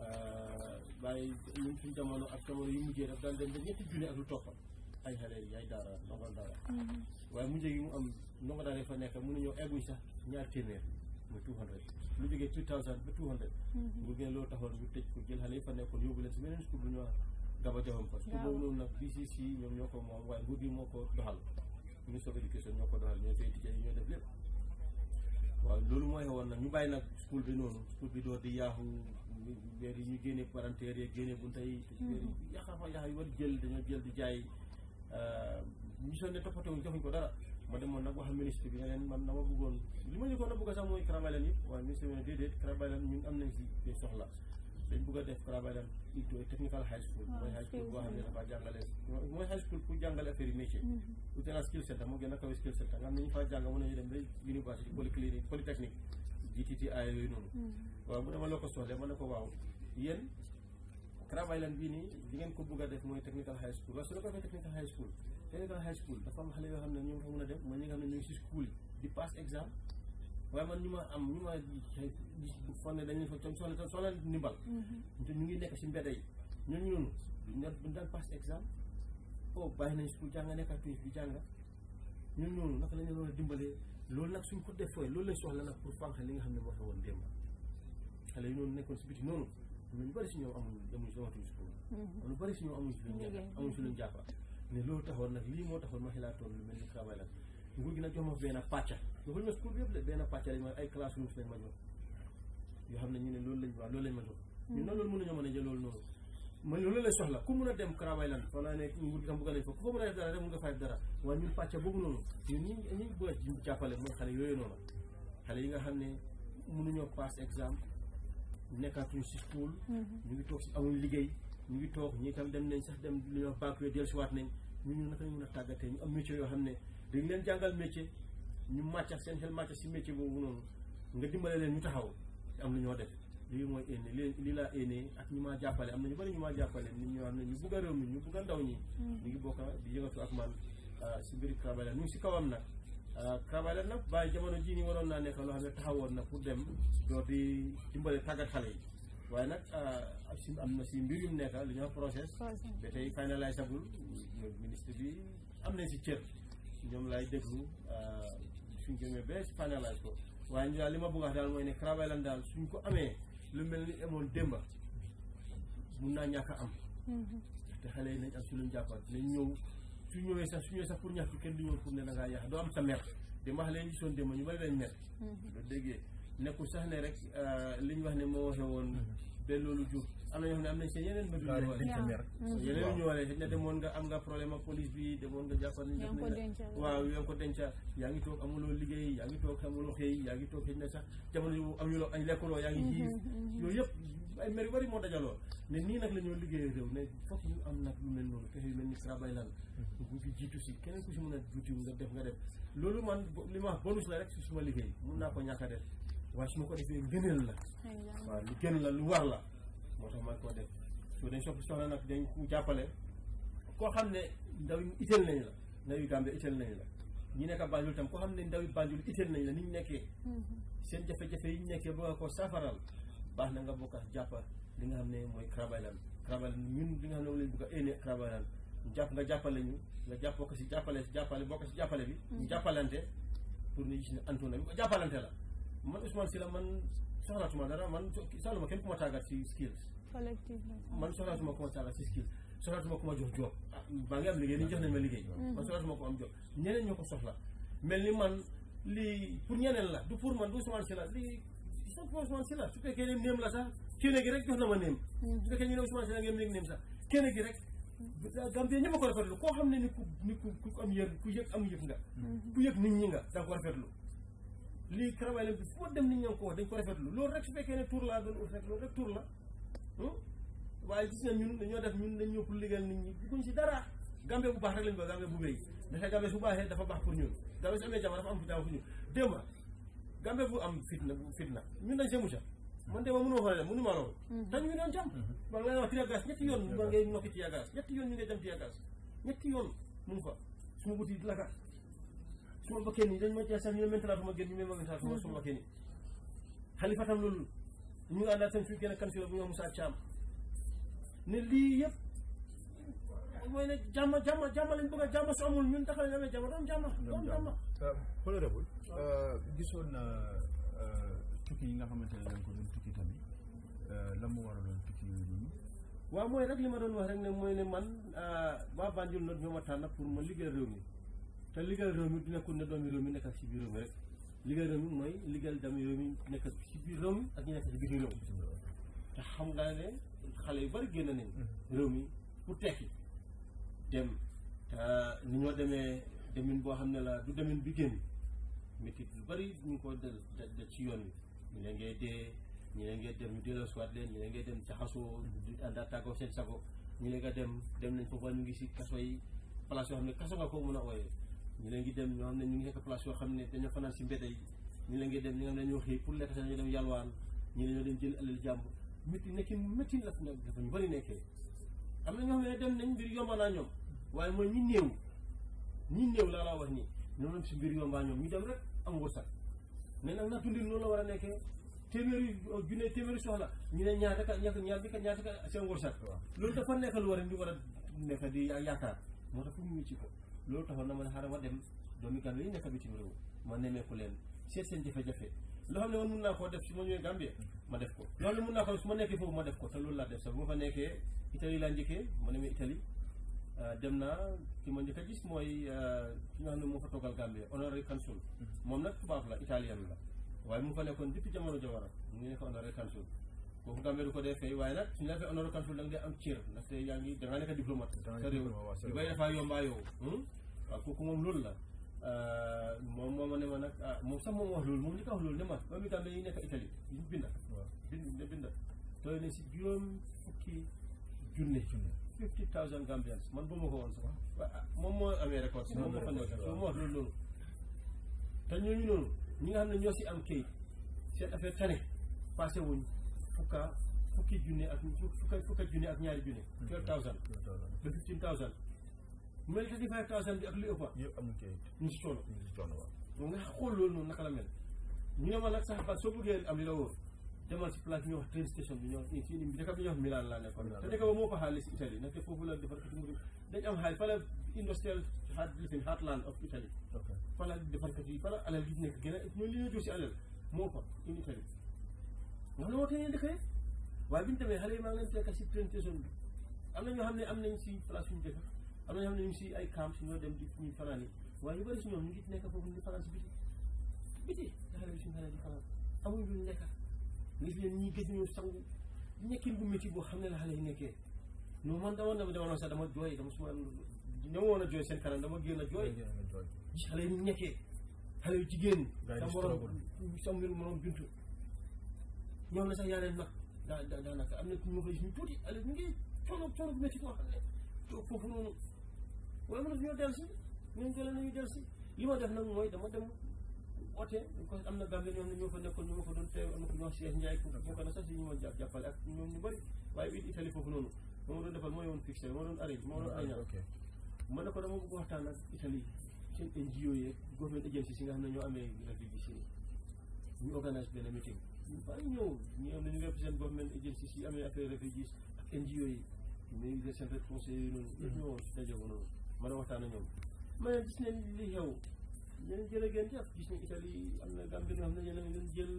euh, bàyyi ñun suñ jamono ak jamono yu mujjee daf daan dem ba ñetti junni ak lu toppal ay xale yi ay daara ndongo daara mhm. waaye mujjee yi mu am ndongo daara yi fa nekk mënuñoo egguñ sax ñaar téeméer mooy two hundred lu jógee two thousand ba two hundred mhm. mu gën loolu taxoon ñu tëj ko jël xale yi fa nekkoon yóbbu leen si meneen school bu ñu wax daba joxam fa school boobu noonu nag BCC ñoom ñoo ko moom waaye nguur gi moo ko doxal ministre of education ñoo ko doxal ñoo lépp waaw loolu mooy woon nag ñu bàyyi nag school bi noonu school bi door di yaaxu weer yi ñu génne parenteer yeeg génne bunta yi yaqa hmm. fa yaqa yu war jël dañoo jël di jaay euh, mission ne toppatoo ñu joxuñ ko dara ma demoon nag wax ministre bi ne leen man ma bëggoon li ma ñu ko na bëgg sax mooy Crab Island waaye ministre bi ne déedéet Crab ñun am nañ si soxla dañ bëgg def travail plutôt technical high school ah, mooy high school boo xam ne dafa jàngale mooy high school pour jàngale affaire yi métier mm-hmm. ute na skill set moo gën a kaw skill set nga xam ne ñu faa yooyu noonu mm-hmm. waaw mu dama la ko soxlee ma ne ko waaw yéen travail lan bii nii di ngeen ko bëgg def mooy technical high school waaye su la ko defee technical high school technical high school xale yoo xam ne ñoo fa a dem mooy ñi nga xam ne ñooy si school di pass exam waaye man ñu ma am ñu ma gis bu fonne dañu fa tam sonn tam sonal ndimbal mhm. te ñu ngi nekk si mbedd yi ñooñu noonu duñ daan duñ daan passe examen oh, bàyyi nañ school jàng nekk tuuti bi jàng ñooñu noonu naka la ñu doon dimbalee loolu nag suñ ko defee loolu lañ soxla nag pour fànq li nga xam ne moo xewoon démb xale yi noonu nekkoon si biti noonu mhm. ñu bëri si ñoom amuñu amuñu si waxtuñu si lu bëri si ñoom amuñu si luñ amuñu si luñ jàppa mais loolu taxoon nag lii moo taxoon ma xalaatoon lu mel ni travail la nguur gi nag jox ma benn pàcca waxuñ ma school bi yëpp de benn pàcc yoo xam ne ñu ne loolu lañ waaw loolu lañ ma jox ñu noonu loolu mën nañoo mën a jël loolu noonu man loolu lañ soxla ku mun a dem Karabaylan fa naa ne nguur gi a def dara rek mun nga fay dara waaye ñun pàcc boobu noonu ñun ñi ñi bëgg a jàppale mooy xale yooyu noonu xale yi nga si school mm-hmm. ñu ngi toog si liggéey ñu ngi toog ñi tam dem nañ sax dem lu ñuy wax bac yooyu dellusiwaat nañ ñu ñu naka ñu mën a tàggatee ñu am métier yoo xam ne dañ leen jàngal métier ñu màccax seen xel màccax si métier boobu noonu nga dimbale leen ñu taxaw am lu ñoo def lii mooy énne li lii laa énne ak ñu maa jàppale am na ñu bari ñu maa jàppale nit ñoo xam ne ñu bugg a réew mi ñu bugg a ndaw ñi mm. ñu ngi bokk di yëngatu ak man ah, si mbiri Kabayle ñu ngi si kawam nag ah, Kabayle nag bàyyi jamono jii nii waroon naa nekk loo xam ne taxawoon na pour dem doo di dimbale tàggat xale yi waaye nag ah, si am na si mbir yu nekk li ñoo process ba tey finalisagul bi am nañ si cër ñoom laay déglu suñ ko amee ba si finalise ko waaye ñu daal li ma bëgg a wax daal mooy ne Crab Island daal suñ ko amee lu mel ni amoon démba mun naa ñàkk a am mhm. te xale yi nañ am si luñ jàppaat dinañ ñëw su ñëwee sax su ñëwee sax pour ñaxtu kenn du ñëw pour ne da ngaa yàq doo am sa mer te max leen gisoon démb ñu bari lañ mer loo mhm. déggee nekkul sax ne rek euh, liñ wax ne moo waxee woon mhm. ba loolu jur am na ñoo xam ne am nañ seen yeneen mbir yu ñu yeneen na demoon nga am nga problème ak police bi demoon nga jàppal ñu waaw yaa ngi ko denca yaa ngi toog liggéey yaa ngi toog amuloo sax jamono yu amuloo añ lekkuloo yaa ngi jiif mhm, mhm, mhm. yëpp ay mer yu moo dajaloo ne nii nag la ñoo liggéey réew ne foog ñu am nag lu mel noonu pexe yu mel ni travail lan bu ci jiitu si keneen ku si mën a juuti nga def nga def li ma wax ko ñàkk a def waaye su ma ko defee ngëneel la waaw lu gën la lu war la moo tax man koo def su dañ soxla soxla nag dañ ku jàppale koo xam ne ndaw yi itteel nañ la ndaw yu Gambie itteel nañ la tam koo xam ne ndaw yu Banjul la ni ñu nekkee mm-hmm. seen jafe-jafe yi ñu nekkee ba nga ko safaral baax na nga bokk ak jàppa li nga xam ne mooy Crabaylan Crabaylan ñun li nga xam ne moom lañ bëgg a éne jàpp nga jàppale ñu nga jàpp ko si jàppale si jàppale bokk si jàppale bi ñu mm-hmm. jàppalante pour ñu gis ne antu bi ko jàppalante la man Ousmane Sylla man soxlaatuma dara man soxlaatuma ma tàggat si skills. si skills soxlaatuma ku ma jox job ah maa liggéey ni jox nañ ma liggéey. la du pour man du Ousmane jox na ma néem. su fekkee ñu gi rek. Gambie ñëpp a ko rafetlu koo xam ne ni ku am yër nga. Mm-hmm. ku yëg nit ñi nga da ko rafetlu. lii travail bi fu ma dem ni ñoo ko wax dañ ko rafetlu loolu rek su fekkee ne tur laa doon ut rek loolu la hmm? waaye gis nga ñun dañoo def ñun dañ ñëw pour liggéeyal nit ñi bugguñ si dara gambe bu baax rek lañ ko gambe bu béy ndaxte gambe su baaxee dafa baax pour ñun gambe su am fi jàmm pour ñun bu am fitna bu fitna ñun dañ see mucca man démb mënuma fa dem mënuma loolu te hmm. ñu ngi doon jàmm maa ngi lay wax tiyagas ñetti yoon maa hmm. ngay nokki tiyagas ñetti yoon ñu ngay dem tiyagas ñetti yoon mun fa su ma guti lakas su ma bëkkee nii dañ ma caa sax ñu ne maintenant dama génn ñu ne ma maintenant su ma su ma bëkkee mhm. nii xalifa tam loolu ñu ngi àndaat seen fii kenn kan si la bu ñoo Moussa Thiam ne a jàmm su amul ñun tax lañ amee gisoon na euh, tukki yi nga xamante ne dañ ko doon tukki tamit euh, la mu rek li ma doon wax rek mooy ne man euh, waa nag ñoo ma tànn pour ma liggéey réew mi te liggéey réew mi du nekkul ne doomi réew mi nekk ak si biir réew mi rek liggéey mooy liggéey doomi réew si biir réew ak ñu nekk si bitim réew te xam nga ne xale yu bari génn nañ réew mi pour tekki dem te ni ñoo demee demin boo xam ne la du demin bi génn métit lu bari ñu ngi ko del da ci yoon wi ñu ne ngay dee ñu ne ngay dem delloo soit ñu ne ngay dem jaxasoo di ànd nga dem dem nañ foofa ñu ngi si kaso yi place yoo xam ne kaso nga ko mën a ooyee ñu leen dem ñoo xam ne ñu ngi nekk place yoo xam ne dañoo fanaan si mbedd yi ñu leen ngi dem ñi nga xam ne dañoo xëy pour lekk sax ñu dem yàlwaan ñu ne leen na ñoo ne dem nañ mbir yomba naa ñoom waaye mooy ñi néew ñi néew laa laa wax nii ñoom si mbir yombaa ñoom ñu dem rek am wërsëg mais nag na dundin noonu la war a nekkee téeméeri oh, junne téeméeri soxla ñu ne ñaar rek ñaar ñaar bi kat ñaar rek seen wërsëg loolu dafa nekk lu war a ñu war a nekk di yaakaar moo tax fu ñu ci loolu taxoon na man xaaral ma dem doomi Gambie yi nekk bitim réew ma nemmeeku leen seet seen jafe-jafe loo xam ne man mun naa koo def si ma ñëwee Gambie ma def ko loolu mun naa ko ma nekkee foofu ma def ko te loolu laa def sax bu ma fa nekkee Italie laa njëkkee ma demee Italie euh, dem naa ki ma njëkk a gis mooy euh, ki nga xam ne moo fa toogal Gambie honorary consul mhm. moom nag tubaab la italien la waaye mu fa nekkoon depuis jamono Jawara mu ngi nekk honorary consul boobu Gambie du ko dee fay waaye nag suñu la fee honor consul da nga dee am cër ndaxte yaa ngi da nga nekk diplomate sa réew li bay dafaa yombaa hmm? waaw kooku moom loolu la euh, moom moo ma ne ma nag ah, moom sax moom wax loolu moom loolu ne ma moom itam dañuy nekk Italie ñu binda bind binda tooy man boo ma ko woon sax ah, moom moom moo fa nekk moom te ñooñu noonu ñi nga xam ne ñoo si am këyit seen affaire tane passé wuñ fukka fukki junne ak fukka bi ak lu ëppa yëpp amul kayit ñu si coono ñu si coono waaw donc nga xool loolu noonu naka laa defar kati moto dañ am xaalis fa la industrial heart lifin of Italy fa la alal gi nekk gën a ñoo li jur si alal moo fa in Italie ñoom la wootee ngeen di xëy waaye bi ñu demee xale yi maa ngi am na si place suñu dëkk am na si ay camp si dem di ñuy fanaan yi si ñoom ñu nekk foofu ñu fanaan si biti biti da xale bi suñu fanaan di fanaan amuñ luñ lekk ngis leen ñi ñu sangu nekkin bu boo xam ne la xale yi nekkee non man dama dama dama sax dama jooy dama suma ñëwoon a jooy seen kanam dama génn a jooy xale yi nekkee xale yu jigéen sa morom sa mbir morom juntu ñoom la sax yaa leen mag daa daa daanaka am na ñu fay suñu tuuti allé ñu ngi coono coono bu métti koo xam ne toog foofu noonu wala mu li ma def nag mooy dama dem oote ko am na gàmbe ñoom ne ñoo fa ñu ko ñoo Cheikh Ndiaye Kouta bokk na sax si ñu ma jàpp jàppale ak ñoom ñu bëri waaye bi Italie foofu noonu ma ma doon ko dama bëgg waxtaan ak Italie seen NGO yeeg government agency si nga xam ne ñoo amee la vie bi si ñu organise benn meeting ñu ñëw ñu am nañu represent government agencies yi amee affaire refugees ak NGO yi ñuy de seen conseil yooyu noonu ñëpp ñëwoon si daje ko noonu mën a waxtaan ak ñoom ma ne gis nañ li xew ñeen a ngeen jëf gis nañ Italie am na Gambie nga xam ne a ngi leen jël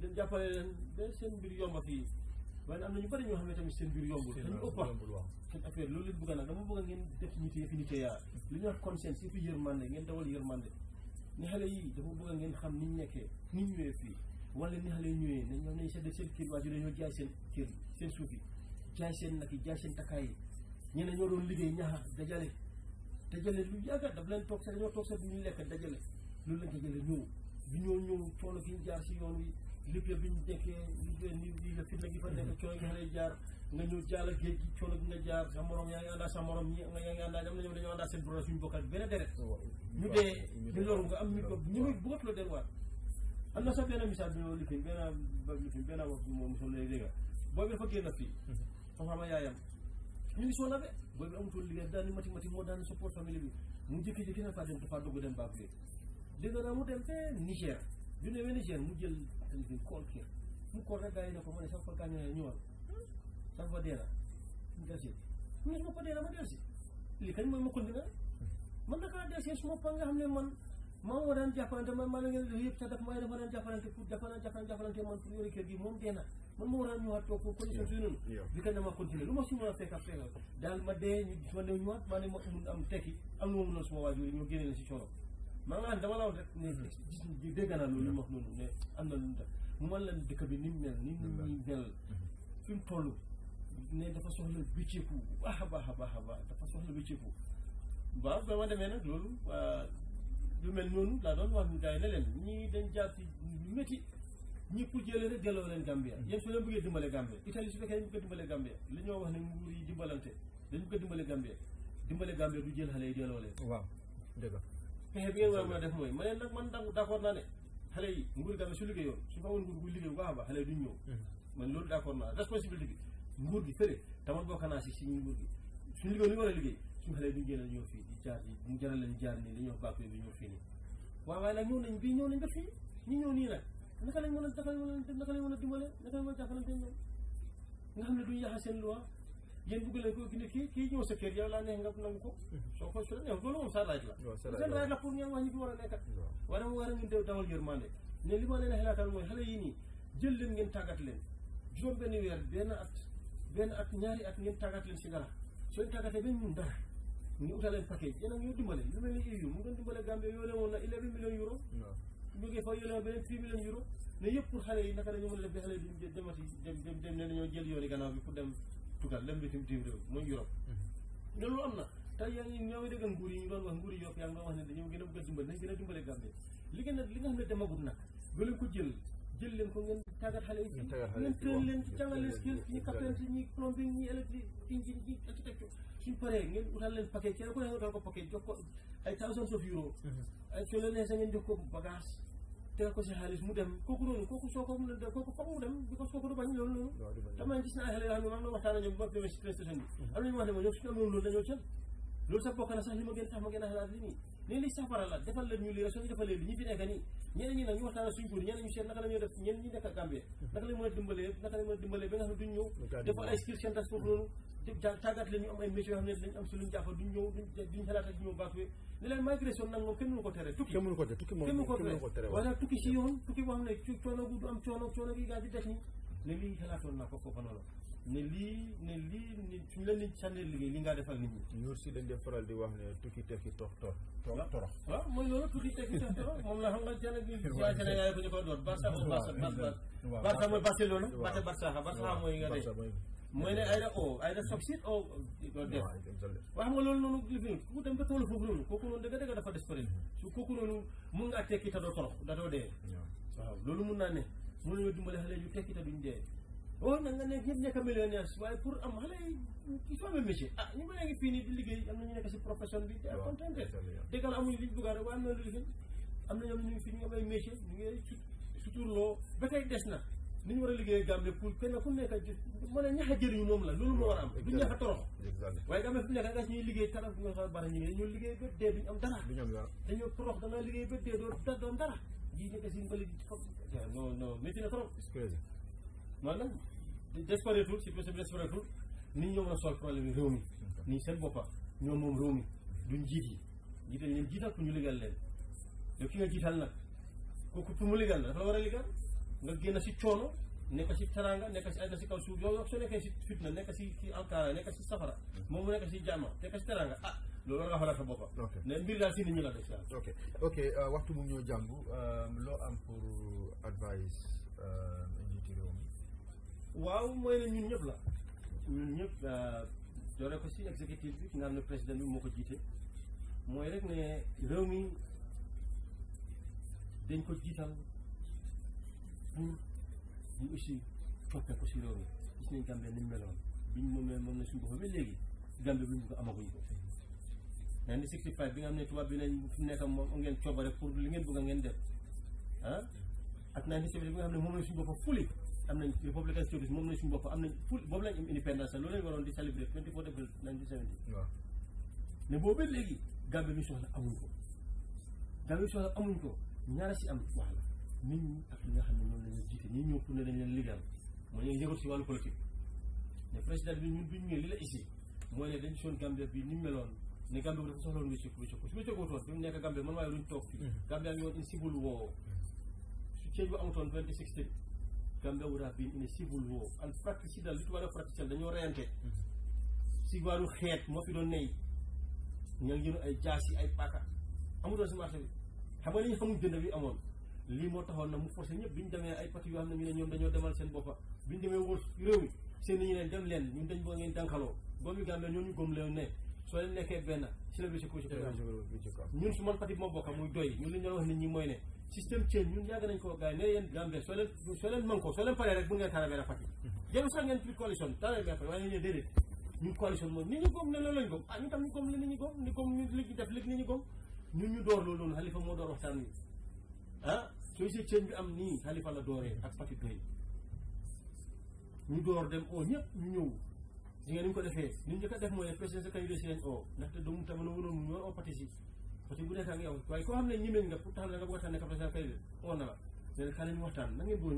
leen jàppale leen ba seen mbir yomba ñu bari ñoo xam ne tamit seen mbir yombul dañu ëppa seen affaire loolu leen bëgg nag dama bëgg ngeen def nit yi fi nit yaa li ñuy wax conscience ngeen dawal yërmande ne xale yi dama bëgg ngeen xam niñ nekkee niñ ñëwee wala neex lay ñëwee dañ ñoom nañ sedd seen kër waajur dañoo jaay seen kër seen suuf yi jaay seen nag yi jaay seen takkaay yi ñoo doon liggéey ñaxa dajale dajale lu yàgga daf leen toog sax ñoo toog sax du ñu lekk dajale loolu lañ dajale ñëw bi ñoo ñëw coono si yoon wi lépp bi ñu dekkee liggéey ni lii la fitna gi fa nekk coono gi xale jaar nga ñëw jaal jaar sa morom yaa ngi àndaa sa morom ñi nga yaa ngi àndaa am na ñoom dañoo deret ñu dee ñu loru nga am microbe ñu ngi bëggatuloo am na sax benn misaal bi ma lifin benn lifin benn wax bi moom mosoon lay dégg booy bi dafa génn fii xam mhm. xama yaayam ñu ngi soona de booy bi amutoon liggéey daal ni mati mati moo daan support famille bi mu jékki-jékki na faa dem dafaa dugg dem baak bi dégg naa mu dem te Niger bi newee Niger mu jël téléphone kool kii mu kool rek gars yi ne ko ma ne sax fa gaañ ne ñëwal sax fa deena mu delsi mu ne su ma ko deena ma delsi lii kañ mooy ma continué mhm. man dakaa delsi su ma pa nga xam ne man moom moo daan jàppalante man maa daan jàppalante pour dafa daan man su yore kër gi moom dee na man moo daan ñëwaat toog ko condition su noonu ma si a fekk ak fekkal daal ma dee ñu ma ma mun am tekki am lu ma mënoon suma waajur ñu génne na si coono mm-hmm. dëkk bi ni mu mel ni mu mm-hmm. mel fi mu toll ne dafa soxla wécceeku baax a baax a baax a baax dafa soxla wécceeku waaw ba ma demee nag loolu lu mel noonu laa doon wax gars yi ne leen ñii dañ jàpp lu métti ñi ku jëlee rek delloo leen Gambia yéen su leen bëggee dimbale Gambia Italie su fekkee dañ bëgg dimbale Gambia du jël xale yi delloo leen waaw dëgg pexe bi ngeen war a mën a def mooy ma leen nag man d'accord naa ne xale yi nguur Gambia su liggéeyoon su fa woon nguur bu liggéey bu baax a baax xale yi duñ ñëw hmm. man loolu d'accord naa responsabilité bi nguur gi fële te man bokk si si nguur gi suñu xale bi génn ñëw fii di jaar yi mu jaral leen jaar nii dañuy wax bàkk bi ñëw fii nii waaw waaye nag ñëw nañ bii ñëw nañ ba fii ñu ñëw nii a a naka lañ mën a a jàppalante ñoom nga xam ne duñu yàqa seen loi yéen bëgg leen ko ne kii kii ñëw sa kër yow laa neex nga nangu ko mhm. soo ko so yow loolu moom sa laaj la seen d dawal yërmande ne li ma leen mooy xale yi nii jël leen ngeen tàggat leen juróom benn weer benn at benn at ñaari ak ngeen tàggat leen si dara soo leen tàggatee ba ñun dara ñu utaleen package yéen a ngi ñu dimbale lu mel ni Gambie yooyu la woon na yëpp pour yi naka la ñu mën a def ba xale yi demati dem dem ne bi pour dem tugal dem bitim mm-hmm. gën a a li nga xam ne demagut nag doo ko jël jël leen ko ngeen tàggat xale yi ngeen tëral leen ci jàngal leen skills ñi captain ñi plumbing ñi électrique ñi architecture suñ paree ngeen utal leen paquet kenn ku ne utal ko paquet jox ko ay thousands of euro mhm. ay soo leen nee sa ngeen jox ko bagage teel ko si xaalis mu dem kooku noonu kooku ko mën a kooku foog mu dem because kooku du bañ loolu noonu dama gis naa xale yoo xam ne maa ngi doon waxtaan ak ba demee si train station bi mhm. am nañu wax ne ma ñoom suñu amoon loolu dañoo cel loolu sax bokk na sax li ma gën tax ma gën a nii léegi li safara la defal leen ñu lii rek suñu defalee li ñu nekk nii ñeneen ñi nag ñu waxtaan suñu tur ñeneen ñu seet naka la ñuy nekk Gambie am ay métiers yoo xam ne dañ am su luñ jàpp xalaat yoon naa ko foofa noonu ne lii ne lii ni suñ la nit sànnee liggéey li ngaa defal nit ñi ñuur si dañ def faral di wax ne tukki tekki tox ah, torox torox moom nga seen da o ay da doo torox da doo dee loolu mun naa ne mun nañoo dimbale xale yu tekki duñ dee oo nag nga nekk ñëpp nekk millionnaire waaye pour am xale yi faut même ah ñu bëree ngi fii nii di liggéey am na ñu nekk si profession bi te amuñu liñ na lu liggéey na ñoom ñu ngi fi ñu am na ñu war a liggéey Gambie pour kenn ku nekk mu moom la loolu moo war am duñ ñax torox waaye Gambie fi nekk ngas ñuy liggéey taraf ñoo xam bari ñu ñoo liggéey ba dee am dara dañoo torox da liggéey ba dee doo doon dara ji nekk si mbali non non métti na trop maanaam désparetul si possible désparetul nit ñoo mën a sol problème réew mi nii seen boppa ñoom moom réew mi duñ njiit yi jiite leen jiital pour ñu liggéeyal leen yow ki nga jiital nag kooku pour mu liggéeyal la dafa war a liggéeyal nga génn si coono nekk si teraanga nekk si àddina si kaw alkaara nekk si safara moom mu nekk si jàmma nekk si teraanga ah loolu war nga xalaat sa boppam ne mbir daal si nit ñi la def ok ok euh, waxtu mu ñoo jàmbu euh, loo am pour advice euh, waaw mooy la ñun ñëpp la ñun ñëpp euh, doore ko si exécutif bi nga xam ne président bi moo ko jiite mooy rek ne réew mi dañ ko jiital pour ñu aussi toppee ko si réew mi gis nañ Gambie ni meloon biñ moomee moom na suñu boppam ba léegi Gambie buñ ko amaguñ ko naan sixty five bi nga xam ne tubaab bi nañ fi nekk moom ngeen coobare pour li ngeen bëgg a ngeen def ah ak naan di sixty five bi nga xam ne moom na suñu boppam fuli am nañ républicain service moom nañ suñu bopp am nañ ful boobu lañ am indépendance loolu lañ ba léegi Gambie bi ñu soxla amuñ ko Gambie bi ko ñaara si am wax la nit ñi ak ñi xam ne noonu lañu jiite ñi ñëw pour ne dañ leen liggéeyal mooy ñu yëngatu si wàllu politique mais président bi ñun bi ñu ñëwee li la isi mooy ne ko su wécc ko toon bi mu nekk Gambie Gambia would have been in a civil war and fratricidal li ci war a fratricidal dañoo reyante si waaru xeet moo fi doon ney ña ngi ay jaasi ay paaka amutoon si marché bi xam nga li ñu na mu forcé ñëpp bi ñu demee ay parti yoo xam ne ñu ne seen boppa bi ñu demee wër réew ñu leen dem leen ñun dañ boo ngeen dànkaloo doomi Gambia ñoo ñu gëm leen soo leen nekkee benn si la bi si ko ñun su man parti bi ma bokka muy doy ñun li ñu wax nit ñi mooy ne système change ñun yàgg nañ koo gars ne yéen Gambie soo leen soo leen mën ko soo leen paree rek bu ngeen Tarabera Fatick jëlu sax ngeen plus coalition Tarabera Fatick waaye ñu ne déedéet de coalition ñu gom loolu lañ gom ah ñu tam ñu gom li nit ñu gom ni gom ñu li def léegi ñu door loolu noonu Halifa moo door waxtaan wi ah soo gisee change bi am nii Halifa la ak Fatick doy ñu door dem oo ñëpp ñu ñëw di nga ñu ko defee ni ñu njëkk def mooy président sa candidat si leen oo ndaxte doomu tamit wonoon ñu war oo parce que bu nekk ak yow waaye koo xam ne ñemeen nga pour taxaw ne nga bëgg a tànn capacité kay oo na la léegi na ngeen boo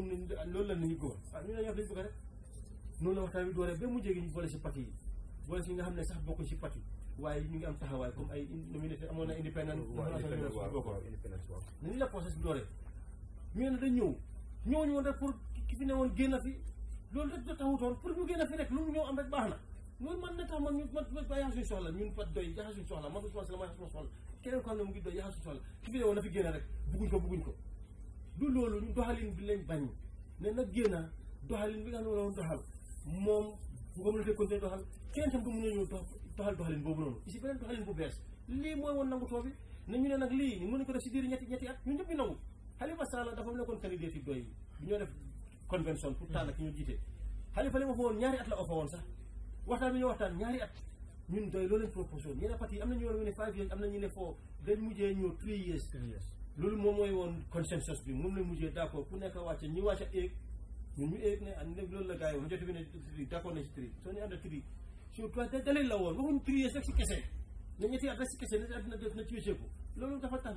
ni la nañu góor ah ñu ne mu jéegi ñu boole yi boole si nga xam ne sax bokkuñ si parti ñu ngi am taxawaay comme ay nu muy defee amoon na indépendant bokk nañu la process dooree ñu ne dañ ñëw ñëw ñu pour ki fi ne woon génn fi loolu rek da taxutoon pour ñu gën a fi rek lu mu ñëw am rek baax na ba ne mu ngi na fi génn rek bugguñ ko bugguñ ko du loolu ñu doxalin bi lañ bañ ne nag génn doxalin bi nga xam ne woon doxal moom ngom la fekkoon doxal doxalin boobu noonu si beneen doxalin bu bees lii mooy woon nangu too bi na ñu ne nag lii ñu mën ko def si diir ñetti ñetti at ñun ñëpp ñu nangu Halifa Sallah dafa nekkoon candidat yi doy bi ñoo def convention pour taal ak ñu jiite xalifa li ma fa woon ñaari at la ko fa woon sax waxtaan bi ñu waxtaan ñaari at ñun doy loo leen proposé woon yeneen parti am na ñu ne five years am na ñu ne foo dañ mujjee ñëw three years loolu moom mooy woon consensus bi moom la mujjee d'accord ku nekk wàcce ñu wàcce éeg ñun ñu éeg ne and ah, loolu la gars yi wax njot bi ne tri d'accord na si soo ñu ànd tri sur toi dalil la woon waxuñ three na ci wécceeku loolu dafa tax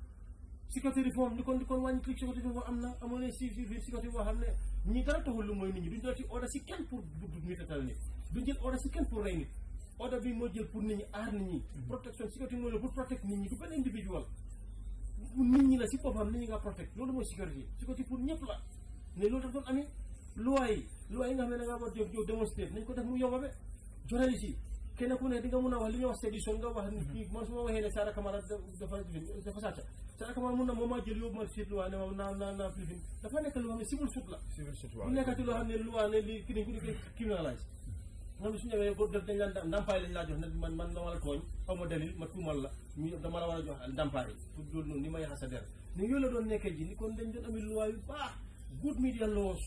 psychothérapie li kon li kon wàññi psychothérapie boo am na amoon na si si xam ne ñi dara taxul lu mooy nit ñi duñ jël ci ordre si kenn pour dugg ñu tetal nit duñ jël ordre si kenn pour rey nit ordre bi moo jël pour nit ñi aar nit ñi mm-hmm. protection psychothérapie mooy la pour protect nit ñi du benn individual nit ñi la si boppam nit ñi nga protect loolu mooy psychothérapie pour ñëpp la ne loolu dafa doon amee loi yi loi yi nga xam ne da ngaa war a nañ ko def mu kenn ku ne di mun a wax li ñuy wax séduction nga wax nit man su waxee ne Sara Camara dafa dafa sàcc mun na moom maa jël yóbbu ma si luwaa ne ne ma dalil war a jox ndàmpaay pour loolu ni ma yàq sa der ne yooyu la doon nekkee ji ni kon dañ doon amee luwaa baax good media laws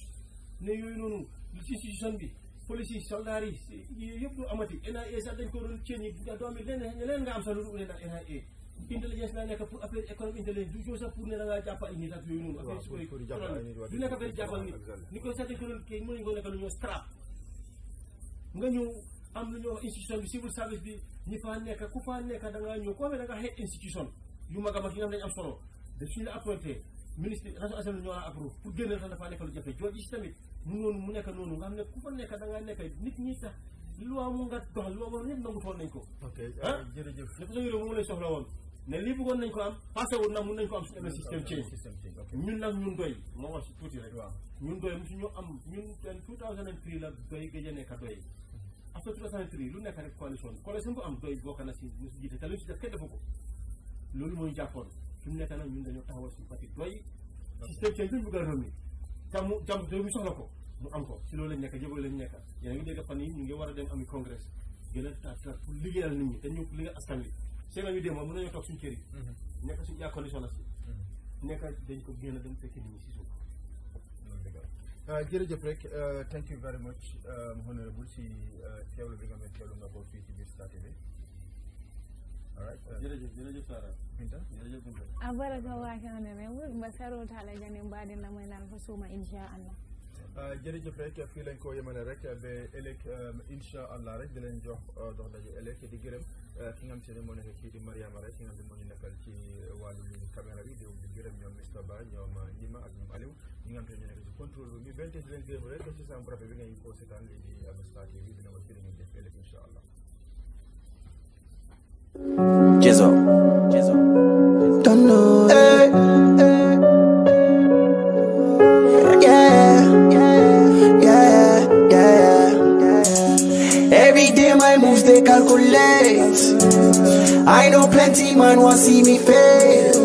ne yooyu noonu li ci institution bi police yi soldats yi yëpp du amati NIA sax dañ ko doon ceen yi nga doom leneen nga am sax lu dul ne naan NIA nga ñëw am lu ñoo institution bi civil service bi ñi faa nekk ku faa nekk da ñëw koo xam ne da institution yu mag a mag yi nga xam am solo daf suñu la appointé ministre rajo assemblée ñoo la approuve pour génn sax dafaa nekk lu jafe jooju si tamit mu noonu mu nekk noonu nga xam ne ku fa nekk da nekk nit ñi sax loi mu nga dox loi boobu ñëpp nangu ko ah jërëjëf dafa lañu réew moom lañ soxla woon ne lii bëggoon nañ ko am passé woon nag mun nañ ko am suñu amee nag ñun doy moo wax doy am ñun two thousand and three la doy a nekk doy after two thousand and three lu nekk rek coalition coalition bu def ko loolu mooy jàppoon fi mu nekk nag ñun dañoo taxawal suñu parti doy système change luñu bëgg a réew mi mu jàmm réew mi soxla ko mu am ko ci loolu lañ nekk jëbal lañ nekk yéen a ngi dégg fan yi ñu ngi war a dem ami congrès gën a taat taat pour liggéeyal nit ñi dañu liggéeyal askan wi seen ami démb mën nañoo toog suñu kër yi mm-hmm. nekk suñu condition la si mm-hmm. nekk dañ ko génn dem fekk nit ñi si suuf euh, jërëjëf rek euh, thank you very much honorable euh, si teewlu bi nga xam ne teewlu nga ko fii ci biir Star TV a bara ko waakewne men wurmba sarota ala jani mbaade namoy nan fo suuma inchallah euh, jërëjëf rek fii lañ ko yemale rek ba ëllëg euh, incha allah rek di leen jox euh, dox daje ëllëg di gërëm ki nga xam ne moo nekk kii di Mariama rek ki nga xam ne moo ñu nekkal ci wàllu caméra bi di gërëm ñoom Mr Ba ñoom Nima ak ñoom Aliou ñi nga xam ne ñoo nekk ci contrôle bi ñu bente di leen gërëm rek ci sam rafet bi ngay ko seetaan lii di Amstar TV bi dina ma ci ñu def ëllëg incha allah Jizzo. Jizzo. Don't know. Hey. Eh, eh. Hey. Yeah. Yeah. Yeah. Yeah. Every day my moves they calculate. I know plenty man want see me fail.